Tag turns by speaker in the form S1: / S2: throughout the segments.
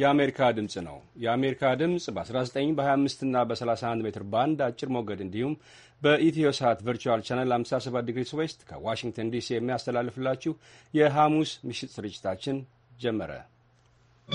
S1: የአሜሪካ ድምፅ ነው። የአሜሪካ ድምፅ በ19 በ25 እና በ31 ሜትር ባንድ አጭር ሞገድ እንዲሁም በኢትዮ ሳት ቨርቹዋል ቻናል 57 ዲግሪ ስዌስት ከዋሽንግተን ዲሲ የሚያስተላልፍላችሁ የሐሙስ ምሽት ስርጭታችን ጀመረ። ¶¶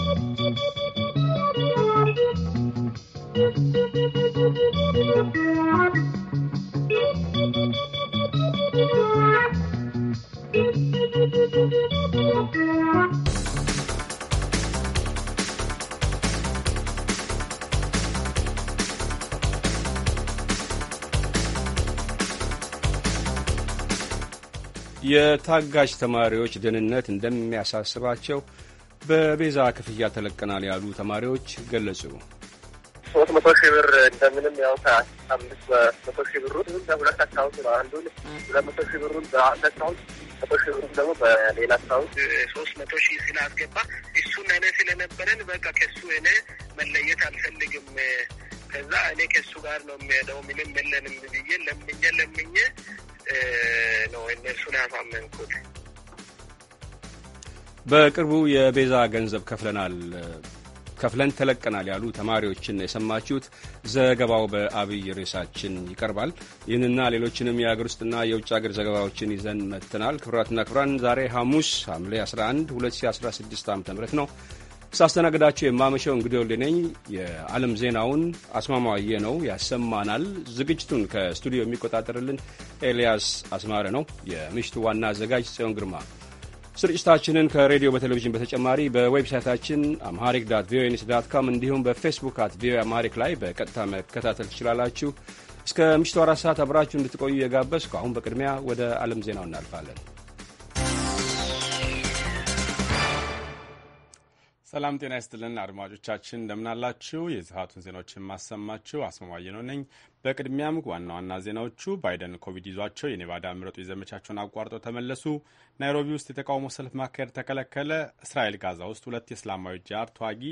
S1: የታጋጅ ተማሪዎች ደህንነት እንደሚያሳስባቸው በቤዛ ክፍያ ተለቀናል ያሉ ተማሪዎች ገለጹ።
S2: ሶስት መቶ ሺህ ብር እንደምንም ያው ከአምስት መቶ ሺህ ብሩ በሁለት አካውንት ነው። አንዱን ሁለት መቶ ሺህ ብሩን በአንድ አካውንት፣ መቶ ሺህ ብሩን ደግሞ በሌላ አካውንት ሶስት መቶ ሺህ ስላስገባ እሱን እኔ ስለነበረን በቃ ከሱ እኔ መለየት አልፈልግም። ከዛ እኔ ከሱ ጋር ነው የሚሄደው ምንም የለንም ብዬ ለምኜ ለምኜ
S3: ነው እነሱን ያሳመንኩት።
S1: በቅርቡ የቤዛ ገንዘብ ከፍለናል ከፍለን ተለቀናል ያሉ ተማሪዎችን የሰማችሁት። ዘገባው በአብይ ርዕሳችን ይቀርባል። ይህንና ሌሎችንም የአገር ውስጥና የውጭ አገር ዘገባዎችን ይዘን መጥተናል። ክቡራትና ክቡራን ዛሬ ሐሙስ ሐምሌ 11 2016 ዓ ም ነው ሳስተናግዳቸው የማመሸው እንግዲህ ወልዴ ነኝ። የዓለም ዜናውን አስማማዬ ነው ያሰማናል። ዝግጅቱን ከስቱዲዮ የሚቆጣጠርልን ኤልያስ አስማረ ነው። የምሽቱ ዋና አዘጋጅ ጽዮን ግርማ። ስርጭታችንን ከሬዲዮ በቴሌቪዥን በተጨማሪ በዌብሳይታችን አምሃሪክ ዳት ቪኦኤ ኒውስ ዳት ካም እንዲሁም በፌስቡክ አት ቪኦኤ አምሃሪክ ላይ በቀጥታ መከታተል ትችላላችሁ። እስከ ምሽቱ አራት ሰዓት አብራችሁ እንድትቆዩ የጋበዝኩ አሁን በቅድሚያ ወደ ዓለም ዜናው እናልፋለን።
S4: ሰላም ጤና ይስጥልን አድማጮቻችን፣ እንደምናላችሁ። የሰዓቱን ዜናዎችን የማሰማችሁ አስማማየ ነው ነኝ። በቅድሚያም ዋና ዋና ዜናዎቹ ባይደን ኮቪድ ይዟቸው የኔቫዳ ምረጡ የዘመቻቸውን አቋርጠው ተመለሱ፣ ናይሮቢ ውስጥ የተቃውሞ ሰልፍ ማካሄድ ተከለከለ፣ እስራኤል ጋዛ ውስጥ ሁለት የእስላማዊ ጃር ተዋጊ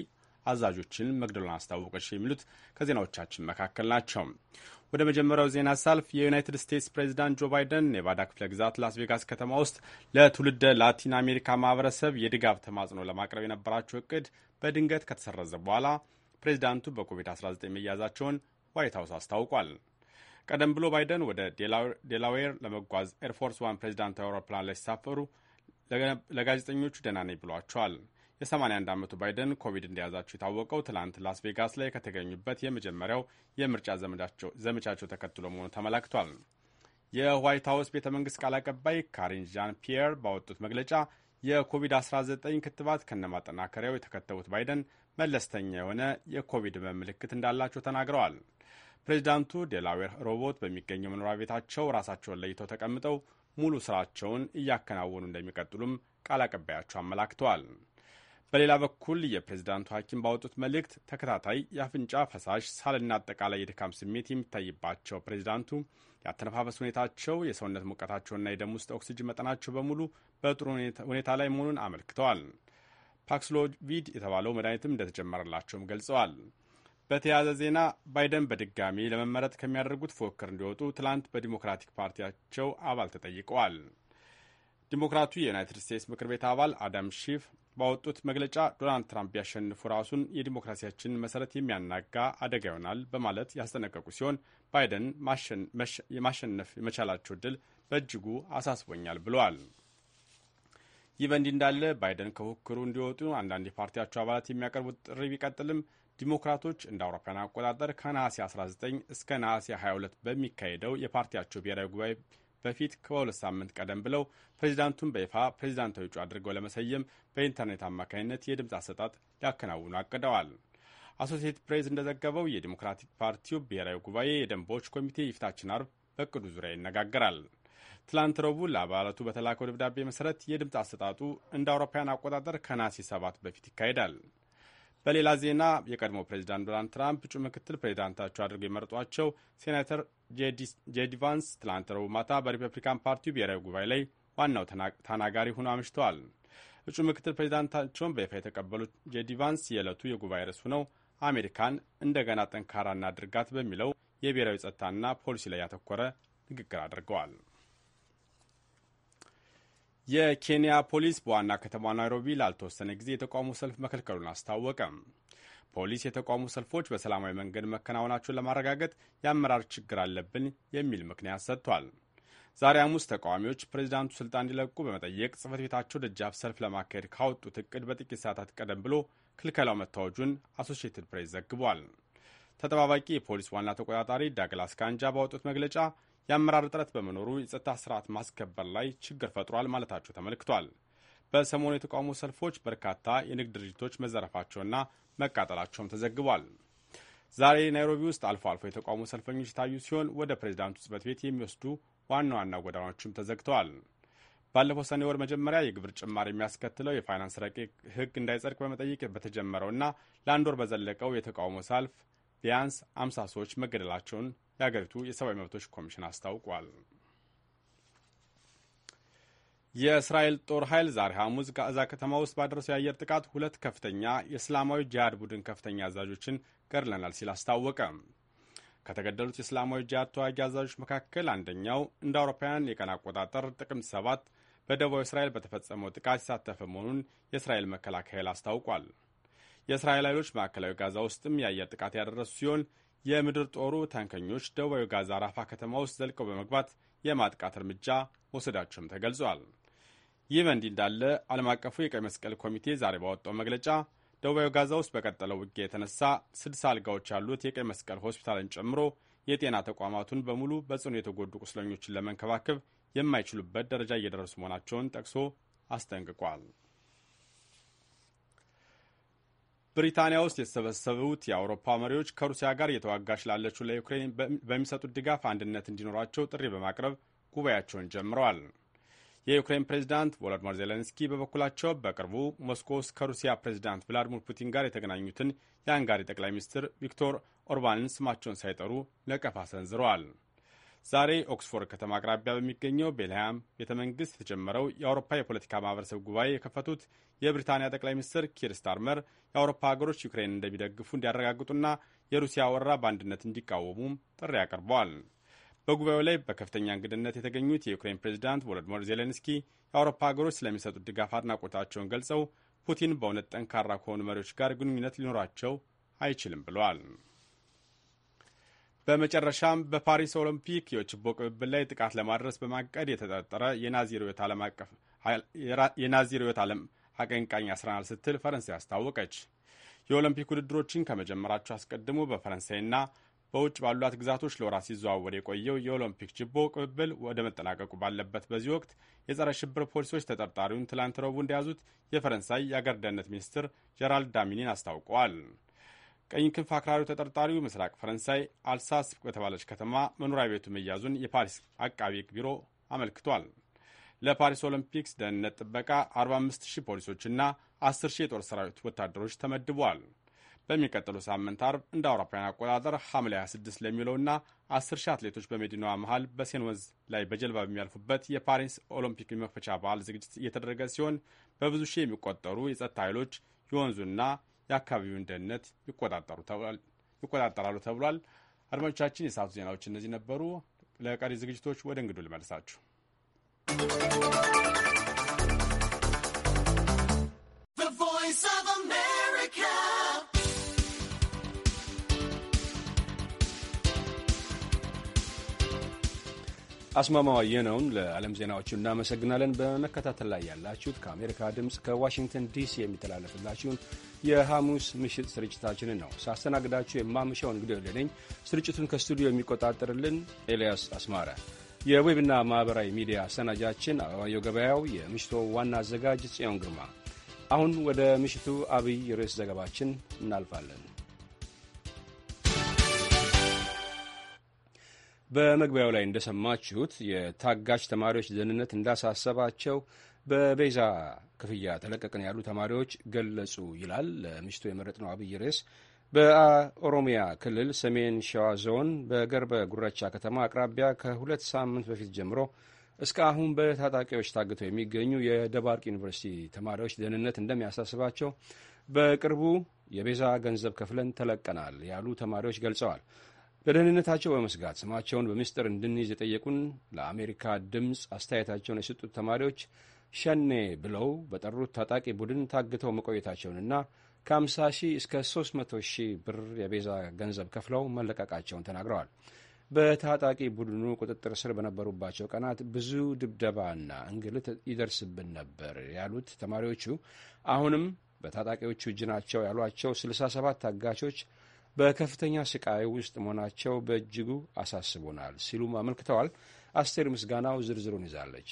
S4: አዛዦችን መግደሏን አስታወቀች የሚሉት ከዜናዎቻችን መካከል ናቸው። ወደ መጀመሪያው ዜና ሳልፍ የዩናይትድ ስቴትስ ፕሬዚዳንት ጆ ባይደን ኔቫዳ ክፍለ ግዛት ላስ ቬጋስ ከተማ ውስጥ ለትውልደ ላቲን አሜሪካ ማህበረሰብ የድጋፍ ተማጽኖ ለማቅረብ የነበራቸው እቅድ በድንገት ከተሰረዘ በኋላ ፕሬዚዳንቱ በኮቪድ-19 መያዛቸውን ዋይት ሀውስ አስታውቋል። ቀደም ብሎ ባይደን ወደ ዴላዌር ለመጓዝ ኤርፎርስ ዋን ፕሬዚዳንት አውሮፕላን ላይ ሲሳፈሩ ለጋዜጠኞቹ ደህና ነኝ ብሏቸዋል። የ81 ዓመቱ ባይደን ኮቪድ እንደያዛቸው የታወቀው ትላንት ላስ ቬጋስ ላይ ከተገኙበት የመጀመሪያው የምርጫ ዘመቻቸው ተከትሎ መሆኑ ተመላክቷል። የዋይት ሀውስ ቤተ መንግስት ቃል አቀባይ ካሪን ዣን ፒየር ባወጡት መግለጫ የኮቪድ-19 ክትባት ከነማጠናከሪያው የተከተቡት ባይደን መለስተኛ የሆነ የኮቪድ ምልክት እንዳላቸው ተናግረዋል። ፕሬዚዳንቱ ዴላዌር ሮቦት በሚገኘው መኖሪያ ቤታቸው ራሳቸውን ለይተው ተቀምጠው ሙሉ ስራቸውን እያከናወኑ እንደሚቀጥሉም ቃል አቀባያቸው አመላክተዋል። በሌላ በኩል የፕሬዝዳንቱ ሐኪም ባወጡት መልእክት ተከታታይ የአፍንጫ ፈሳሽ፣ ሳልና አጠቃላይ የድካም ስሜት የሚታይባቸው ፕሬዝዳንቱ የአተነፋፈስ ሁኔታቸው፣ የሰውነት ሙቀታቸውና የደም ውስጥ ኦክሲጅን መጠናቸው በሙሉ በጥሩ ሁኔታ ላይ መሆኑን አመልክተዋል። ፓክስሎቪድ የተባለው መድኃኒትም እንደተጀመረላቸውም ገልጸዋል። በተያያዘ ዜና ባይደን በድጋሚ ለመመረጥ ከሚያደርጉት ፉክክር እንዲወጡ ትላንት በዲሞክራቲክ ፓርቲያቸው አባል ተጠይቀዋል። ዲሞክራቱ የዩናይትድ ስቴትስ ምክር ቤት አባል አዳም ሺፍ ባወጡት መግለጫ ዶናልድ ትራምፕ ያሸንፉ ራሱን የዲሞክራሲያችን መሰረት የሚያናጋ አደጋ ይሆናል በማለት ያስጠነቀቁ ሲሆን ባይደን ማሸነፍ የመቻላቸው እድል በእጅጉ አሳስቦኛል ብለዋል። ይህ በእንዲህ እንዳለ ባይደን ከፉክክሩ እንዲወጡ አንዳንድ የፓርቲያቸው አባላት የሚያቀርቡት ጥሪ ቢቀጥልም ዲሞክራቶች እንደ አውሮፓውያን አቆጣጠር ከነሐሴ 19 እስከ ነሐሴ 22 በሚካሄደው የፓርቲያቸው ብሔራዊ ጉባኤ በፊት ከሁለት ሳምንት ቀደም ብለው ፕሬዚዳንቱን በይፋ ፕሬዚዳንታዊ እጩ አድርገው ለመሰየም በኢንተርኔት አማካኝነት የድምፅ አሰጣጥ ሊያከናውኑ አቅደዋል። አሶሲየት ፕሬስ እንደዘገበው የዲሞክራቲክ ፓርቲው ብሔራዊ ጉባኤ የደንቦች ኮሚቴ ይፍታችን አርብ በእቅዱ ዙሪያ ይነጋገራል። ትላንት ረቡዕ ለአባላቱ በተላከው ደብዳቤ መሰረት የድምፅ አሰጣጡ እንደ አውሮፓውያን አቆጣጠር ከነሐሴ ሰባት በፊት ይካሄዳል። በሌላ ዜና የቀድሞ ፕሬዚዳንት ዶናልድ ትራምፕ እጩ ምክትል ፕሬዚዳንታቸው አድርገው የመረጧቸው ሴናተር ጄዲ ቫንስ ትላንት ረቡዕ ማታ በሪፐብሊካን ፓርቲው ብሔራዊ ጉባኤ ላይ ዋናው ተናጋሪ ሆኖ አምሽተዋል። እጩ ምክትል ፕሬዚዳንታቸውን በይፋ የተቀበሉት ጄዲ ቫንስ የዕለቱ የጉባኤ ርዕስ ሆነው አሜሪካን እንደገና ጠንካራና እናድርጋት በሚለው የብሔራዊ ጸጥታና ፖሊሲ ላይ ያተኮረ ንግግር አድርገዋል። የኬንያ ፖሊስ በዋና ከተማ ናይሮቢ ላልተወሰነ ጊዜ የተቃውሞ ሰልፍ መከልከሉን አስታወቀም። ፖሊስ የተቃውሞ ሰልፎች በሰላማዊ መንገድ መከናወናቸውን ለማረጋገጥ የአመራር ችግር አለብን የሚል ምክንያት ሰጥቷል። ዛሬ ሐሙስ ተቃዋሚዎች ፕሬዚዳንቱ ስልጣን እንዲለቁ በመጠየቅ ጽህፈት ቤታቸው ደጃፍ ሰልፍ ለማካሄድ ካወጡት እቅድ በጥቂት ሰዓታት ቀደም ብሎ ክልከላው መታወጁን አሶሺየትድ ፕሬስ ዘግቧል። ተጠባባቂ የፖሊስ ዋና ተቆጣጣሪ ዳግላስ ካንጃ ባወጡት መግለጫ የአመራር እጥረት በመኖሩ የጸጥታ ስርዓት ማስከበር ላይ ችግር ፈጥሯል ማለታቸው ተመልክቷል። በሰሞኑ የተቃውሞ ሰልፎች በርካታ የንግድ ድርጅቶች መዘረፋቸውና መቃጠላቸውም ተዘግቧል። ዛሬ ናይሮቢ ውስጥ አልፎ አልፎ የተቃውሞ ሰልፈኞች የታዩ ሲሆን ወደ ፕሬዚዳንቱ ጽፈት ቤት የሚወስዱ ዋና ዋና ጎዳናዎችም ተዘግተዋል። ባለፈው ሰኔ ወር መጀመሪያ የግብር ጭማሪ የሚያስከትለው የፋይናንስ ረቂቅ ሕግ እንዳይጸድቅ በመጠየቅ በተጀመረውና ለአንድ ወር በዘለቀው የተቃውሞ ሰልፍ ቢያንስ አምሳ ሰዎች መገደላቸውን የአገሪቱ የሰብአዊ መብቶች ኮሚሽን አስታውቋል። የእስራኤል ጦር ኃይል ዛሬ ሐሙስ ጋዛ ከተማ ውስጥ ባደረሰው የአየር ጥቃት ሁለት ከፍተኛ የእስላማዊ ጂሃድ ቡድን ከፍተኛ አዛዦችን ገድለናል ሲል አስታወቀ። ከተገደሉት የእስላማዊ ጂሃድ ተዋጊ አዛዦች መካከል አንደኛው እንደ አውሮፓውያን የቀን አቆጣጠር ጥቅምት ሰባት በደቡብ እስራኤል በተፈጸመው ጥቃት የተሳተፈ መሆኑን የእስራኤል መከላከያ አስታውቋል። የእስራኤል ኃይሎች ማዕከላዊ ጋዛ ውስጥም የአየር ጥቃት ያደረሱ ሲሆን የምድር ጦሩ ታንከኞች ደቡባዊ ጋዛ ራፋ ከተማ ውስጥ ዘልቀው በመግባት የማጥቃት እርምጃ መውሰዳቸውም ተገልጿል። ይህ በእንዲህ እንዳለ ዓለም አቀፉ የቀይ መስቀል ኮሚቴ ዛሬ ባወጣው መግለጫ ደቡባዊ ጋዛ ውስጥ በቀጠለው ውጊያ የተነሳ ስድሳ አልጋዎች ያሉት የቀይ መስቀል ሆስፒታልን ጨምሮ የጤና ተቋማቱን በሙሉ በጽኑ የተጎዱ ቁስለኞችን ለመንከባከብ የማይችሉበት ደረጃ እየደረሱ መሆናቸውን ጠቅሶ አስጠንቅቋል። ብሪታንያ ውስጥ የተሰበሰቡት የአውሮፓ መሪዎች ከሩሲያ ጋር እየተዋጋች ላለችው ለዩክሬን በሚሰጡት ድጋፍ አንድነት እንዲኖራቸው ጥሪ በማቅረብ ጉባኤያቸውን ጀምረዋል። የዩክሬን ፕሬዚዳንት ቮሎዲሚር ዜሌንስኪ በበኩላቸው በቅርቡ ሞስኮ ውስጥ ከሩሲያ ፕሬዚዳንት ቭላዲሚር ፑቲን ጋር የተገናኙትን የአንጋሪ ጠቅላይ ሚኒስትር ቪክቶር ኦርባንን ስማቸውን ሳይጠሩ ነቀፋ ሰንዝረዋል። ዛሬ ኦክስፎርድ ከተማ አቅራቢያ በሚገኘው ቤልሃም ቤተ መንግስት የተጀመረው የአውሮፓ የፖለቲካ ማህበረሰብ ጉባኤ የከፈቱት የብሪታንያ ጠቅላይ ሚኒስትር ኪር ስታርመር የአውሮፓ ሀገሮች ዩክሬን እንደሚደግፉ እንዲያረጋግጡና የሩሲያ ወረራ በአንድነት እንዲቃወሙም ጥሪ አቅርበዋል። በጉባኤው ላይ በከፍተኛ እንግድነት የተገኙት የዩክሬን ፕሬዚዳንት ቮሎዲሞር ዜሌንስኪ የአውሮፓ ሀገሮች ስለሚሰጡት ድጋፍ አድናቆታቸውን ገልጸው ፑቲን በእውነት ጠንካራ ከሆኑ መሪዎች ጋር ግንኙነት ሊኖራቸው አይችልም ብለዋል። በመጨረሻም በፓሪስ ኦሎምፒክ የችቦ ቅብብል ላይ ጥቃት ለማድረስ በማቀድ የተጠረጠረ የናዚ ርዕዮተ ዓለም አቀንቃኝ አስረናል ስትል ፈረንሳይ አስታወቀች። የኦሎምፒክ ውድድሮችን ከመጀመራቸው አስቀድሞ በፈረንሳይና በውጭ ባሏት ግዛቶች ለወራት ሲዘዋወር የቆየው የኦሎምፒክ ችቦ ቅብብል ወደ መጠናቀቁ ባለበት በዚህ ወቅት የጸረ ሽብር ፖሊሶች ተጠርጣሪውን ትላንት ረቡዕ እንደያዙት የፈረንሳይ የአገር ደህንነት ሚኒስትር ጀራልድ ዳሚኒን አስታውቀዋል። ቀኝ ክንፍ አክራሪው ተጠርጣሪው ምስራቅ ፈረንሳይ አልሳስ በተባለች ከተማ መኖሪያ ቤቱ መያዙን የፓሪስ አቃቢ ሕግ ቢሮ አመልክቷል። ለፓሪስ ኦሎምፒክስ ደህንነት ጥበቃ 45 ሺህ ፖሊሶችና 10 የጦር ሰራዊት ወታደሮች ተመድበዋል። በሚቀጥለው ሳምንት አርብ እንደ አውሮፓውያን አቆጣጠር ሐምሌ 26 ለሚውለውና 10 ሺህ አትሌቶች በመዲናዋ መሃል በሴን ወንዝ ላይ በጀልባ በሚያልፉበት የፓሪስ ኦሎምፒክ የመክፈቻ በዓል ዝግጅት እየተደረገ ሲሆን በብዙ ሺህ የሚቆጠሩ የጸጥታ ኃይሎች የወንዙና የአካባቢውን ደህንነት ይቆጣጠራሉ ተብሏል። አድማጮቻችን፣ የሰዓቱ ዜናዎች እነዚህ ነበሩ። ለቀሪ ዝግጅቶች ወደ እንግዱ ልመልሳችሁ።
S1: አስማማዋ የነውን ለዓለም ዜናዎቹ እናመሰግናለን። በመከታተል ላይ ያላችሁት ከአሜሪካ ድምፅ ከዋሽንግተን ዲሲ የሚተላለፍላችሁን የሐሙስ ምሽት ስርጭታችንን ነው። ሳስተናግዳችሁ የማምሻው እንግዲህ ወደነኝ ስርጭቱን ከስቱዲዮ የሚቆጣጠርልን ኤልያስ አስማረ፣ የዌብና ማኅበራዊ ሚዲያ አሰናጃችን አበባየው ገበያው፣ የምሽቶ ዋና አዘጋጅ ጽዮን ግርማ። አሁን ወደ ምሽቱ አብይ ርዕስ ዘገባችን እናልፋለን። በመግቢያው ላይ እንደሰማችሁት የታጋች ተማሪዎች ደህንነት እንዳሳሰባቸው በቤዛ ክፍያ ተለቀቅን ያሉ ተማሪዎች ገለጹ ይላል ለምሽቱ የመረጥነው አብይ ርዕስ። በኦሮሚያ ክልል ሰሜን ሸዋ ዞን በገርበ ጉራቻ ከተማ አቅራቢያ ከሁለት ሳምንት በፊት ጀምሮ እስከ አሁን በታጣቂዎች ታግተው የሚገኙ የደባርቅ ዩኒቨርሲቲ ተማሪዎች ደህንነት እንደሚያሳስባቸው በቅርቡ የቤዛ ገንዘብ ከፍለን ተለቀናል ያሉ ተማሪዎች ገልጸዋል። ለደህንነታቸው በመስጋት ስማቸውን በምስጢር እንድንይዝ የጠየቁን ለአሜሪካ ድምፅ አስተያየታቸውን የሰጡት ተማሪዎች ሸኔ ብለው በጠሩት ታጣቂ ቡድን ታግተው መቆየታቸውንና ከ50 ሺህ እስከ 300 ሺህ ብር የቤዛ ገንዘብ ከፍለው መለቀቃቸውን ተናግረዋል። በታጣቂ ቡድኑ ቁጥጥር ስር በነበሩባቸው ቀናት ብዙ ድብደባና እንግልት ይደርስብን ነበር ያሉት ተማሪዎቹ አሁንም በታጣቂዎቹ እጅ ናቸው ያሏቸው 67 ታጋቾች በከፍተኛ ስቃይ ውስጥ መሆናቸው በእጅጉ አሳስቦናል ሲሉም አመልክተዋል። አስቴር ምስጋናው ዝርዝሩን ይዛለች።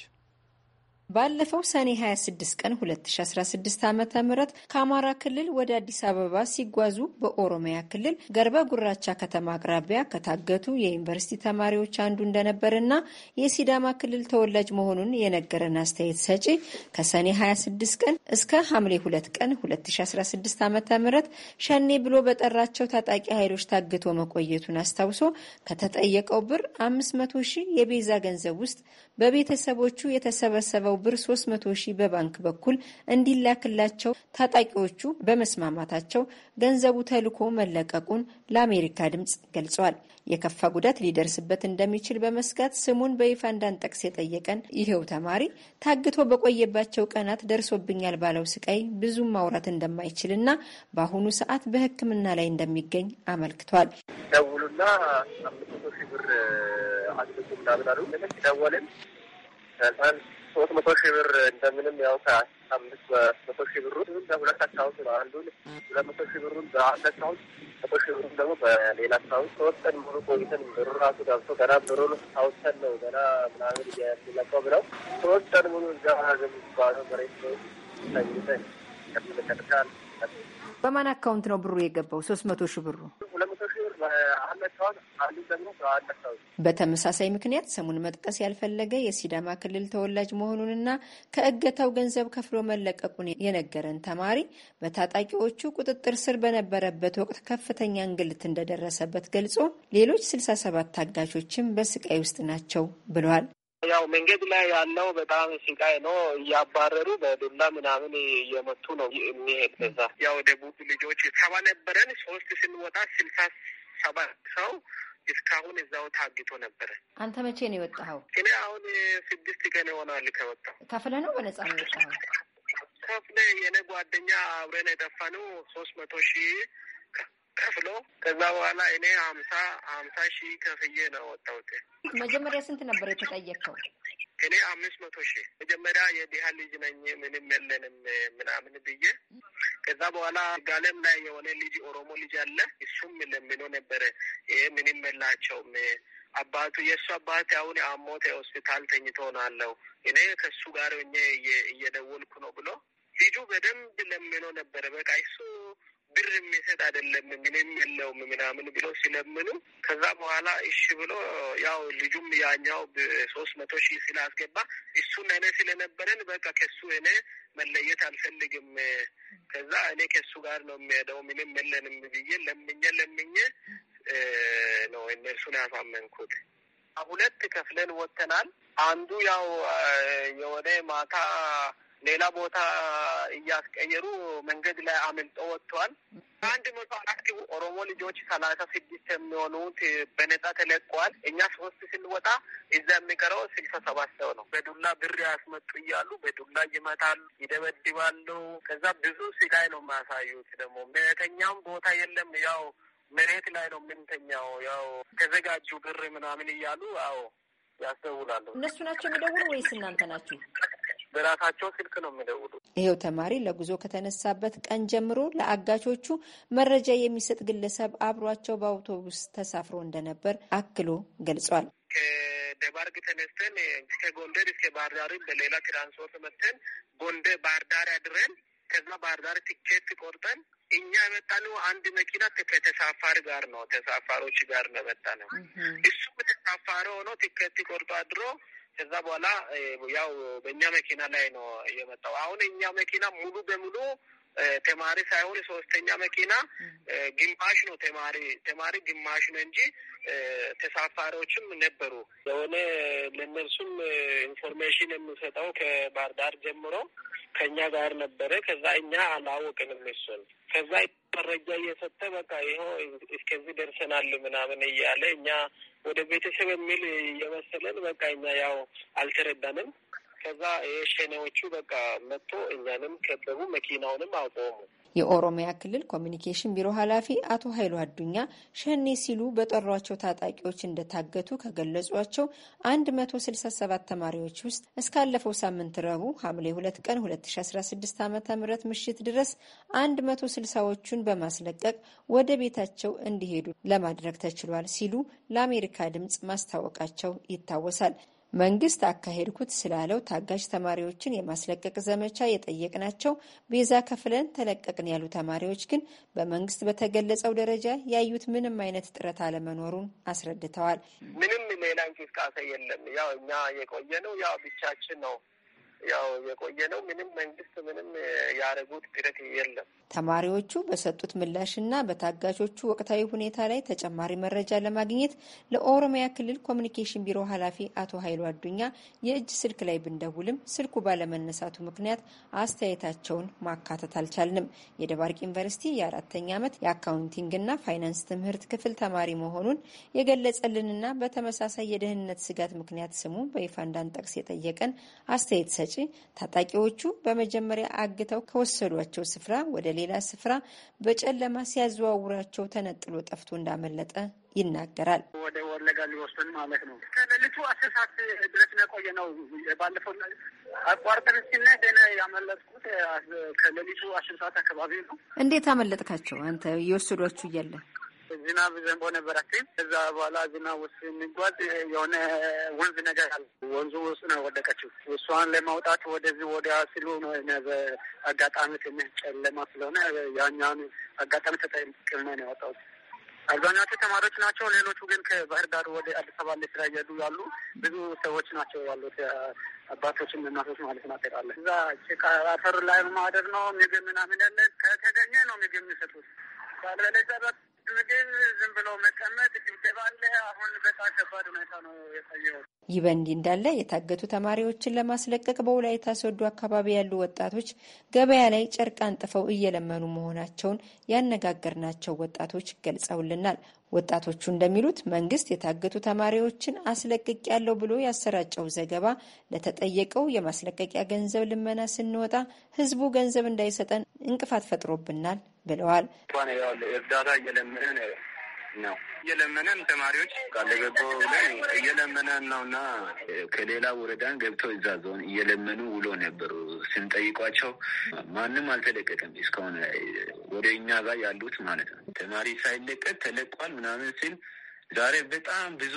S5: ባለፈው ሰኔ 26 ቀን 2016 ዓ ም ከአማራ ክልል ወደ አዲስ አበባ ሲጓዙ በኦሮሚያ ክልል ገርበ ጉራቻ ከተማ አቅራቢያ ከታገቱ የዩኒቨርሲቲ ተማሪዎች አንዱ እንደነበርና የሲዳማ ክልል ተወላጅ መሆኑን የነገረን አስተያየት ሰጪ ከሰኔ 26 ቀን እስከ ሐምሌ 2 ቀን 2016 ዓ ም ሸኔ ብሎ በጠራቸው ታጣቂ ኃይሎች ታግቶ መቆየቱን አስታውሶ ከተጠየቀው ብር 500 ሺህ የቤዛ ገንዘብ ውስጥ በቤተሰቦቹ የተሰበሰበው ብር 300 ሺህ በባንክ በኩል እንዲላክላቸው ታጣቂዎቹ በመስማማታቸው ገንዘቡ ተልኮ መለቀቁን ለአሜሪካ ድምፅ ገልጿል። የከፋ ጉዳት ሊደርስበት እንደሚችል በመስጋት ስሙን በይፋ እንዳንጠቅስ የጠየቀን ይሄው ተማሪ ታግቶ በቆየባቸው ቀናት ደርሶብኛል ባለው ስቃይ ብዙም ማውራት እንደማይችልና በአሁኑ ሰዓት በሕክምና ላይ እንደሚገኝ አመልክቷል።
S2: ደውሉና አምስት ሺህ ብር አስቡ ምናምን አሉ። ደወልን ያንሳል ሶስት መቶ ሺህ ብር እንደምንም ያው ከአምስት መቶ ሺህ ብሩ በሁለት አካውንት ነው። አንዱን ሁለት መቶ ሺህ ብሩን በአንድ አካውንት መቶ ሺህ ብሩን ደግሞ በሌላ አካውንት ሶስት ቀን ሙሉ ቆይተን ብሩ ራሱ ገብቶ ገና ብሩን አውጥተን ነው ገና ምናምን እያለቀው ብለው ሶስት ቀን ሙሉ እዛ የሚባለው መሬት ነው ተኝተን ከሚመጨርሻል
S5: በማን አካውንት ነው ብሩ የገባው? ሶስት መቶ ሺህ ብሩ ሁለት መቶ ሺህ በተመሳሳይ ምክንያት ስሙን መጥቀስ ያልፈለገ የሲዳማ ክልል ተወላጅ መሆኑንና ከእገታው ገንዘብ ከፍሎ መለቀቁን የነገረን ተማሪ በታጣቂዎቹ ቁጥጥር ስር በነበረበት ወቅት ከፍተኛ እንግልት እንደደረሰበት ገልጾ ሌሎች ስልሳ ሰባት ታጋቾችም በስቃይ ውስጥ ናቸው ብሏል።
S2: ያው መንገድ ላይ ያለው በጣም ስቃይ ነው። እያባረሩ በዱላ ምናምን እየመቱ ነው የሚሄድ። ያው ደቡብ ልጆች ሰባ ነበረን ሶስት ስንወጣ ስልሳ ሰባት ሰው እስካሁን እዛው ታግቶ ነበረ።
S5: አንተ መቼ ነው የወጣኸው?
S2: እኔ አሁን ስድስት ቀን ይሆናል ከወጣሁ።
S5: ከፍለ ነው በነጻ ነው የወጣኸው? ከፍለ
S2: የኔ ጓደኛ አብረን የጠፋ ነው ሶስት መቶ ሺህ ከፍሎ ከዛ በኋላ እኔ ሀምሳ ሀምሳ ሺህ ከፍዬ
S5: ነው ወጣሁት። መጀመሪያ ስንት ነበር የተጠየቅከው? እኔ አምስት መቶ ሺህ መጀመሪያ የድሃ ልጅ ነኝ
S2: ምንም የለንም ምናምን ብዬ ከዛ በኋላ ጋለም ላይ የሆነ ልጅ ኦሮሞ ልጅ አለ እሱም ለምኖ ነበረ። ይሄ ምንም የላቸውም አባቱ የእሱ አባት አሁን አሞት ሆስፒታል ተኝቶ ነው አለው። እኔ ከእሱ ጋር ሆኜ እየደወልኩ ነው ብሎ ልጁ በደንብ ለምኖ ነበረ። በቃ እሱ ብር የሚሰጥ አይደለም ምንም የለውም ምናምን ብሎ ሲለምኑ ከዛ በኋላ እሺ ብሎ ያው ልጁም ያኛው ሶስት መቶ ሺህ ስላስገባ እሱን እኔ ስለነበረን በቃ ከሱ እኔ መለየት አልፈልግም። ከዛ እኔ ከሱ ጋር ነው የሚሄደው ምንም የለንም ብዬ ለምኘ ለምኘ ነው እነርሱን ያሳመንኩት። ሁለት ከፍለን ወጥተናል። አንዱ ያው የሆነ ማታ ሌላ ቦታ እያስቀየሩ መንገድ ላይ አምልጦ ወጥተዋል። አንድ መቶ አራት ኦሮሞ ልጆች ሰላሳ ስድስት የሚሆኑት በነጻ ተለቀዋል። እኛ ሶስት ስንወጣ እዛ የሚቀረው ስልሳ ሰባት ሰው ነው። በዱላ ብር ያስመጡ እያሉ በዱላ ይመታሉ፣ ይደበድባሉ። ከዛ ብዙ ስቃይ ነው የሚያሳዩት። ደግሞ መተኛም ቦታ የለም ያው መሬት ላይ ነው የምንተኛው። ያው ተዘጋጁ ብር ምናምን እያሉ አዎ ያስተውላሉ።
S5: እነሱ ናቸው የሚደውሉ ወይስ እናንተ ናችሁ? በራሳቸው ስልክ ነው የሚደውሉ። ይኸው ተማሪ ለጉዞ ከተነሳበት ቀን ጀምሮ ለአጋቾቹ መረጃ የሚሰጥ ግለሰብ አብሯቸው በአውቶቡስ ተሳፍሮ እንደነበር አክሎ ገልጿል። ከደባርግ ተነስተን እስከ ጎንደር እስከ ባህር ዳር በሌላ
S2: ትራንስፖርት መተን ጎንደር ባህር ዳር ያድረን። ከዛ ባህር ዳር ትኬት ቆርጠን እኛ የመጣነው አንድ መኪና ከተሳፋሪ ጋር ነው፣ ተሳፋሪዎች ጋር ነው የመጣነው። እሱም ተሳፋሪ ሆኖ ትኬት ቆርጦ አድሮ ከዛ በኋላ ያው በእኛ መኪና ላይ ነው የመጣው። አሁን እኛ መኪና ሙሉ በሙሉ ተማሪ ሳይሆን የሶስተኛ መኪና ግማሽ ነው ተማሪ ተማሪ ግማሽ ነው እንጂ ተሳፋሪዎችም ነበሩ። የሆነ ለእነርሱም ኢንፎርሜሽን የምንሰጠው ከባህር ዳር ጀምሮ ከእኛ ጋር ነበረ። ከዛ እኛ አላወቅንም እሱን ከዛ መረጃ እየሰጠ በቃ ይኸው እስከዚህ ደርሰናል ምናምን እያለ እኛ ወደ ቤተሰብ የሚል እየመሰለን በቃ እኛ ያው አልተረዳንም። ከዛ የሸኔዎቹ በቃ መጥቶ
S5: እኛንም ከበቡ፣ መኪናውንም አቆሙ። የኦሮሚያ ክልል ኮሚኒኬሽን ቢሮ ኃላፊ አቶ ኃይሉ አዱኛ ሸኔ ሲሉ በጠሯቸው ታጣቂዎች እንደታገቱ ከገለጿቸው 167 ተማሪዎች ውስጥ እስካለፈው ሳምንት ረቡዕ ሐምሌ 2 ቀን 2016 ዓ ም ምሽት ድረስ 160ዎቹን በማስለቀቅ ወደ ቤታቸው እንዲሄዱ ለማድረግ ተችሏል ሲሉ ለአሜሪካ ድምፅ ማስታወቃቸው ይታወሳል። መንግስት አካሄድኩት ስላለው ታጋጅ ተማሪዎችን የማስለቀቅ ዘመቻ የጠየቅናቸው ቤዛ ከፍለን ተለቀቅን ያሉ ተማሪዎች ግን በመንግስት በተገለጸው ደረጃ ያዩት ምንም አይነት ጥረት አለመኖሩን አስረድተዋል።
S2: ምንም ሌላ እንቅስቃሴ የለም። ያው እኛ የቆየ ነው። ያው ብቻችን ነው ያው የቆየ ነው። ምንም መንግስት ምንም ያደረጉት ግረት የለም።
S5: ተማሪዎቹ በሰጡት ምላሽና በታጋቾቹ ወቅታዊ ሁኔታ ላይ ተጨማሪ መረጃ ለማግኘት ለኦሮሚያ ክልል ኮሚኒኬሽን ቢሮ ኃላፊ አቶ ኃይሉ አዱኛ የእጅ ስልክ ላይ ብንደውልም ስልኩ ባለመነሳቱ ምክንያት አስተያየታቸውን ማካተት አልቻልንም። የደባርቅ ዩኒቨርሲቲ የአራተኛ ዓመት የአካውንቲንግና ፋይናንስ ትምህርት ክፍል ተማሪ መሆኑን የገለጸልንና በተመሳሳይ የደህንነት ስጋት ምክንያት ስሙ በይፋ እንዳንጠቅስ የጠየቀን አስተያየት ሰጭ ገለጪ ታጣቂዎቹ በመጀመሪያ አግተው ከወሰዷቸው ስፍራ ወደ ሌላ ስፍራ በጨለማ ሲያዘዋውራቸው ተነጥሎ ጠፍቶ እንዳመለጠ ይናገራል።
S6: ወደ ወለጋ ሊወስዱን ማለት ነው። ከሌሊቱ አስር ሰዓት ድረስ ነው የቆየ ነው። ባለፈው አቋርጠን ስንሄድ ያመለጥኩት ከሌሊቱ አስር ሰዓት አካባቢ ነው።
S5: እንዴት አመለጥካቸው? አንተ እየወሰዷችሁ እያለን
S6: ዝናብ ዘንቦ ነበረ። ከዛ በኋላ ዝናብ ውስጥ የሚጓዝ የሆነ ወንዝ ነገር አለ። ወንዙ ውስጥ ነው ወደቀችው። እሷን ለማውጣት ወደዚህ ወዲያ ሲሉ አጋጣሚ ትንሽ ጨለማ ስለሆነ ያኛን አጋጣሚ ተጠቅሜ ነው ያወጣሁት። አብዛኛዎቹ ተማሪዎች ናቸው። ሌሎቹ ግን ከባህር ዳር ወደ አዲስ አበባ ለስራ እየሄዱ ያሉ ብዙ ሰዎች ናቸው ያሉት። አባቶችን እናቶች ማለት እናጠቃለን። እዛ አፈር ላይ ማደር ነው ምግብ ምናምን ያለን ከተገኘ ነው ምግብ የሚሰጡት ካልበለዚያ ምግብ ዝም ብሎ መቀመጥ ድብደባ አለ። አሁን በጣም ከባድ
S5: ሁኔታ ነው የታየው። ይህ በእንዲህ እንዳለ የታገቱ ተማሪዎችን ለማስለቀቅ በወላይታ ሶዶ አካባቢ ያሉ ወጣቶች ገበያ ላይ ጨርቅ አንጥፈው እየለመኑ መሆናቸውን ያነጋገርናቸው ወጣቶች ገልጸውልናል። ወጣቶቹ እንደሚሉት መንግስት የታገቱ ተማሪዎችን አስለቅቅ ያለው ብሎ ያሰራጨው ዘገባ ለተጠየቀው የማስለቀቂያ ገንዘብ ልመና ስንወጣ ህዝቡ ገንዘብ እንዳይሰጠን እንቅፋት ፈጥሮብናል ብለዋል።
S2: እርዳታ እየለመነ ነው ነው እየለመነን ተማሪዎች ቃለገቦ እየለመነን ነው እና ከሌላ ወረዳን ገብቶ እዛ ዞን እየለመኑ ውሎ ነበሩ። ስንጠይቋቸው ማንም አልተለቀቀም እስካሁን ወደ እኛ ጋር ያሉት ማለት ነው። ተማሪ ሳይለቀቅ ተለቋል ምናምን ሲል ዛሬ በጣም ብዙ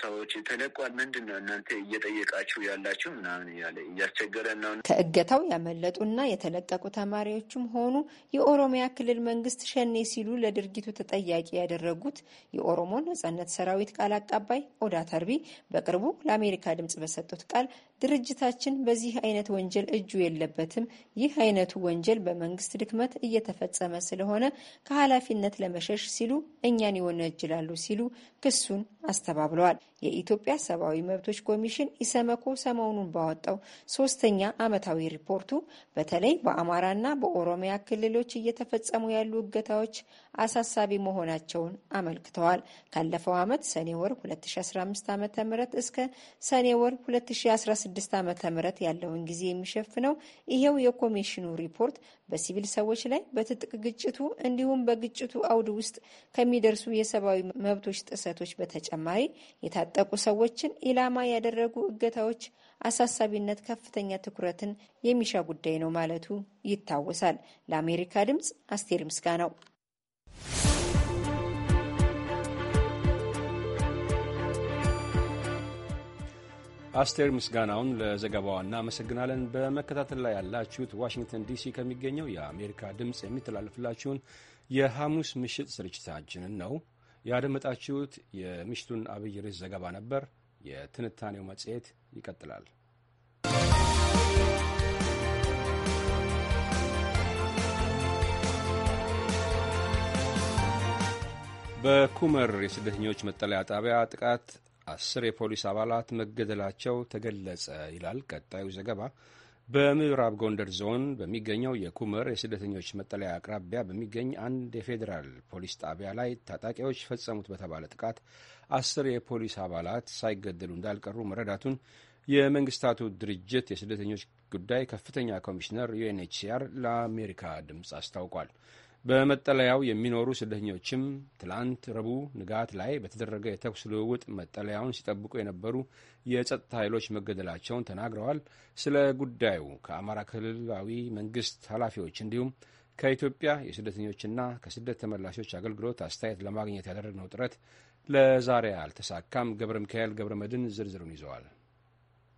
S2: ሰዎች ተለቋል። ምንድን ነው እናንተ እየጠየቃችሁ ያላችሁ ምናምን እያለ እያስቸገረ
S5: ነው። ከእገታው ያመለጡና የተለቀቁ ተማሪዎችም ሆኑ የኦሮሚያ ክልል መንግስት ሸኔ ሲሉ ለድርጊቱ ተጠያቂ ያደረጉት የኦሮሞ ነጻነት ሰራዊት ቃል አቀባይ ኦዳ ተርቢ በቅርቡ ለአሜሪካ ድምጽ በሰጡት ቃል ድርጅታችን በዚህ አይነት ወንጀል እጁ የለበትም። ይህ አይነቱ ወንጀል በመንግስት ድክመት እየተፈጸመ ስለሆነ ከኃላፊነት ለመሸሽ ሲሉ እኛን ይወነጅላሉ ሲሉ ክሱን አስተባብለዋል። የኢትዮጵያ ሰብአዊ መብቶች ኮሚሽን ኢሰመኮ ሰሞኑን ባወጣው ሶስተኛ ዓመታዊ ሪፖርቱ በተለይ በአማራና በኦሮሚያ ክልሎች እየተፈጸሙ ያሉ እገታዎች አሳሳቢ መሆናቸውን አመልክተዋል። ካለፈው ዓመት ሰኔ ወር 2015 ዓ ም እስከ ሰኔ ወር 2016 ዓ ም ያለውን ጊዜ የሚሸፍነው ይሄው የኮሚሽኑ ሪፖርት በሲቪል ሰዎች ላይ በትጥቅ ግጭቱ እንዲሁም በግጭቱ አውድ ውስጥ ከሚደርሱ የሰብአዊ መብቶች ጥሰ ጥሰቶች በተጨማሪ የታጠቁ ሰዎችን ኢላማ ያደረጉ እገታዎች አሳሳቢነት ከፍተኛ ትኩረትን የሚሻ ጉዳይ ነው ማለቱ ይታወሳል። ለአሜሪካ ድምፅ አስቴር ምስጋናው።
S1: አስቴር ምስጋናውን ለዘገባዋ እናመሰግናለን። በመከታተል ላይ ያላችሁት ዋሽንግተን ዲሲ ከሚገኘው የአሜሪካ ድምፅ የሚተላለፍላችሁን የሐሙስ ምሽት ስርጭታችንን ነው። ያደመጣችሁት የምሽቱን አብይ ርዕስ ዘገባ ነበር። የትንታኔው መጽሔት ይቀጥላል። በኩመር የስደተኞች መጠለያ ጣቢያ ጥቃት አስር የፖሊስ አባላት መገደላቸው ተገለጸ ይላል ቀጣዩ ዘገባ። በምዕራብ ጎንደር ዞን በሚገኘው የኩመር የስደተኞች መጠለያ አቅራቢያ በሚገኝ አንድ የፌዴራል ፖሊስ ጣቢያ ላይ ታጣቂዎች ፈጸሙት በተባለ ጥቃት አስር የፖሊስ አባላት ሳይገደሉ እንዳልቀሩ መረዳቱን የመንግስታቱ ድርጅት የስደተኞች ጉዳይ ከፍተኛ ኮሚሽነር ዩኤንኤችሲአር ለአሜሪካ ድምፅ አስታውቋል። በመጠለያው የሚኖሩ ስደተኞችም ትላንት ረቡዕ ንጋት ላይ በተደረገ የተኩስ ልውውጥ መጠለያውን ሲጠብቁ የነበሩ የጸጥታ ኃይሎች መገደላቸውን ተናግረዋል። ስለ ጉዳዩ ከአማራ ክልላዊ መንግስት ኃላፊዎች እንዲሁም ከኢትዮጵያ የስደተኞችና ከስደት ተመላሾች አገልግሎት አስተያየት ለማግኘት ያደረግነው ጥረት ለዛሬ አልተሳካም። ገብረ ሚካኤል
S7: ገብረ መድን ዝርዝሩን ይዘዋል።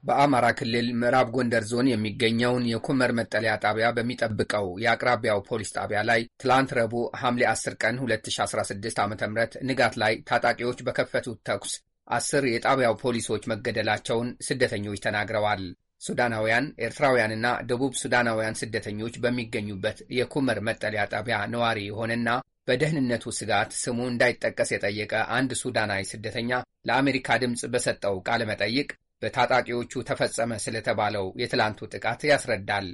S7: በአማራ ክልል ምዕራብ ጎንደር ዞን የሚገኘውን የኩመር መጠለያ ጣቢያ በሚጠብቀው የአቅራቢያው ፖሊስ ጣቢያ ላይ ትላንት ረቡዕ ሐምሌ 10 ቀን 2016 ዓ ም ንጋት ላይ ታጣቂዎች በከፈቱት ተኩስ አስር የጣቢያው ፖሊሶች መገደላቸውን ስደተኞች ተናግረዋል። ሱዳናውያን፣ ኤርትራውያንና ደቡብ ሱዳናውያን ስደተኞች በሚገኙበት የኩመር መጠለያ ጣቢያ ነዋሪ የሆነና በደህንነቱ ስጋት ስሙ እንዳይጠቀስ የጠየቀ አንድ ሱዳናዊ ስደተኛ ለአሜሪካ ድምፅ በሰጠው ቃለ መጠይቅ በታጣቂዎቹ ተፈጸመ ስለተባለው የትላንቱ ጥቃት ያስረዳል።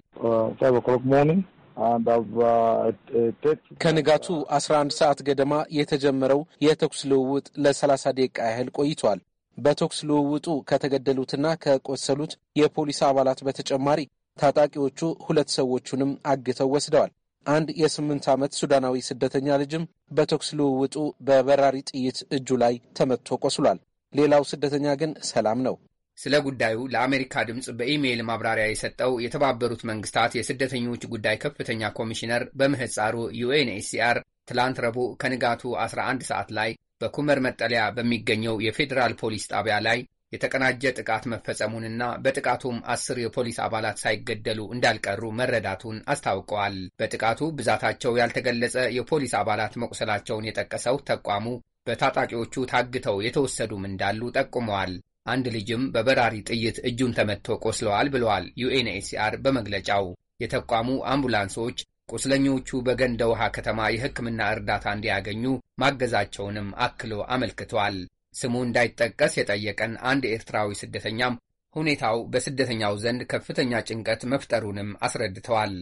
S2: ከንጋቱ 11 ሰዓት ገደማ የተጀመረው የተኩስ ልውውጥ ለ30 ደቂቃ ያህል ቆይቷል። በተኩስ ልውውጡ ከተገደሉትና ከቆሰሉት የፖሊስ አባላት በተጨማሪ ታጣቂዎቹ ሁለት ሰዎቹንም አግተው ወስደዋል። አንድ የስምንት ዓመት ሱዳናዊ ስደተኛ ልጅም በተኩስ ልውውጡ በበራሪ ጥይት እጁ ላይ ተመትቶ ቆስሏል። ሌላው ስደተኛ ግን ሰላም ነው።
S7: ስለ ጉዳዩ ለአሜሪካ ድምፅ በኢሜይል ማብራሪያ የሰጠው የተባበሩት መንግስታት የስደተኞች ጉዳይ ከፍተኛ ኮሚሽነር በምህፃሩ ዩኤንኤችሲአር ትላንት ረቡዕ ከንጋቱ 11 ሰዓት ላይ በኩመር መጠለያ በሚገኘው የፌዴራል ፖሊስ ጣቢያ ላይ የተቀናጀ ጥቃት መፈጸሙንና በጥቃቱም አስር የፖሊስ አባላት ሳይገደሉ እንዳልቀሩ መረዳቱን አስታውቀዋል። በጥቃቱ ብዛታቸው ያልተገለጸ የፖሊስ አባላት መቁሰላቸውን የጠቀሰው ተቋሙ በታጣቂዎቹ ታግተው የተወሰዱም እንዳሉ ጠቁመዋል። አንድ ልጅም በበራሪ ጥይት እጁን ተመትቶ ቆስለዋል ብለዋል ዩኤንኤችሲአር በመግለጫው። የተቋሙ አምቡላንሶች ቁስለኞቹ በገንደ ውሃ ከተማ የሕክምና እርዳታ እንዲያገኙ ማገዛቸውንም አክሎ አመልክቷል። ስሙ እንዳይጠቀስ የጠየቀን አንድ ኤርትራዊ ስደተኛም ሁኔታው በስደተኛው ዘንድ ከፍተኛ ጭንቀት መፍጠሩንም አስረድተዋል።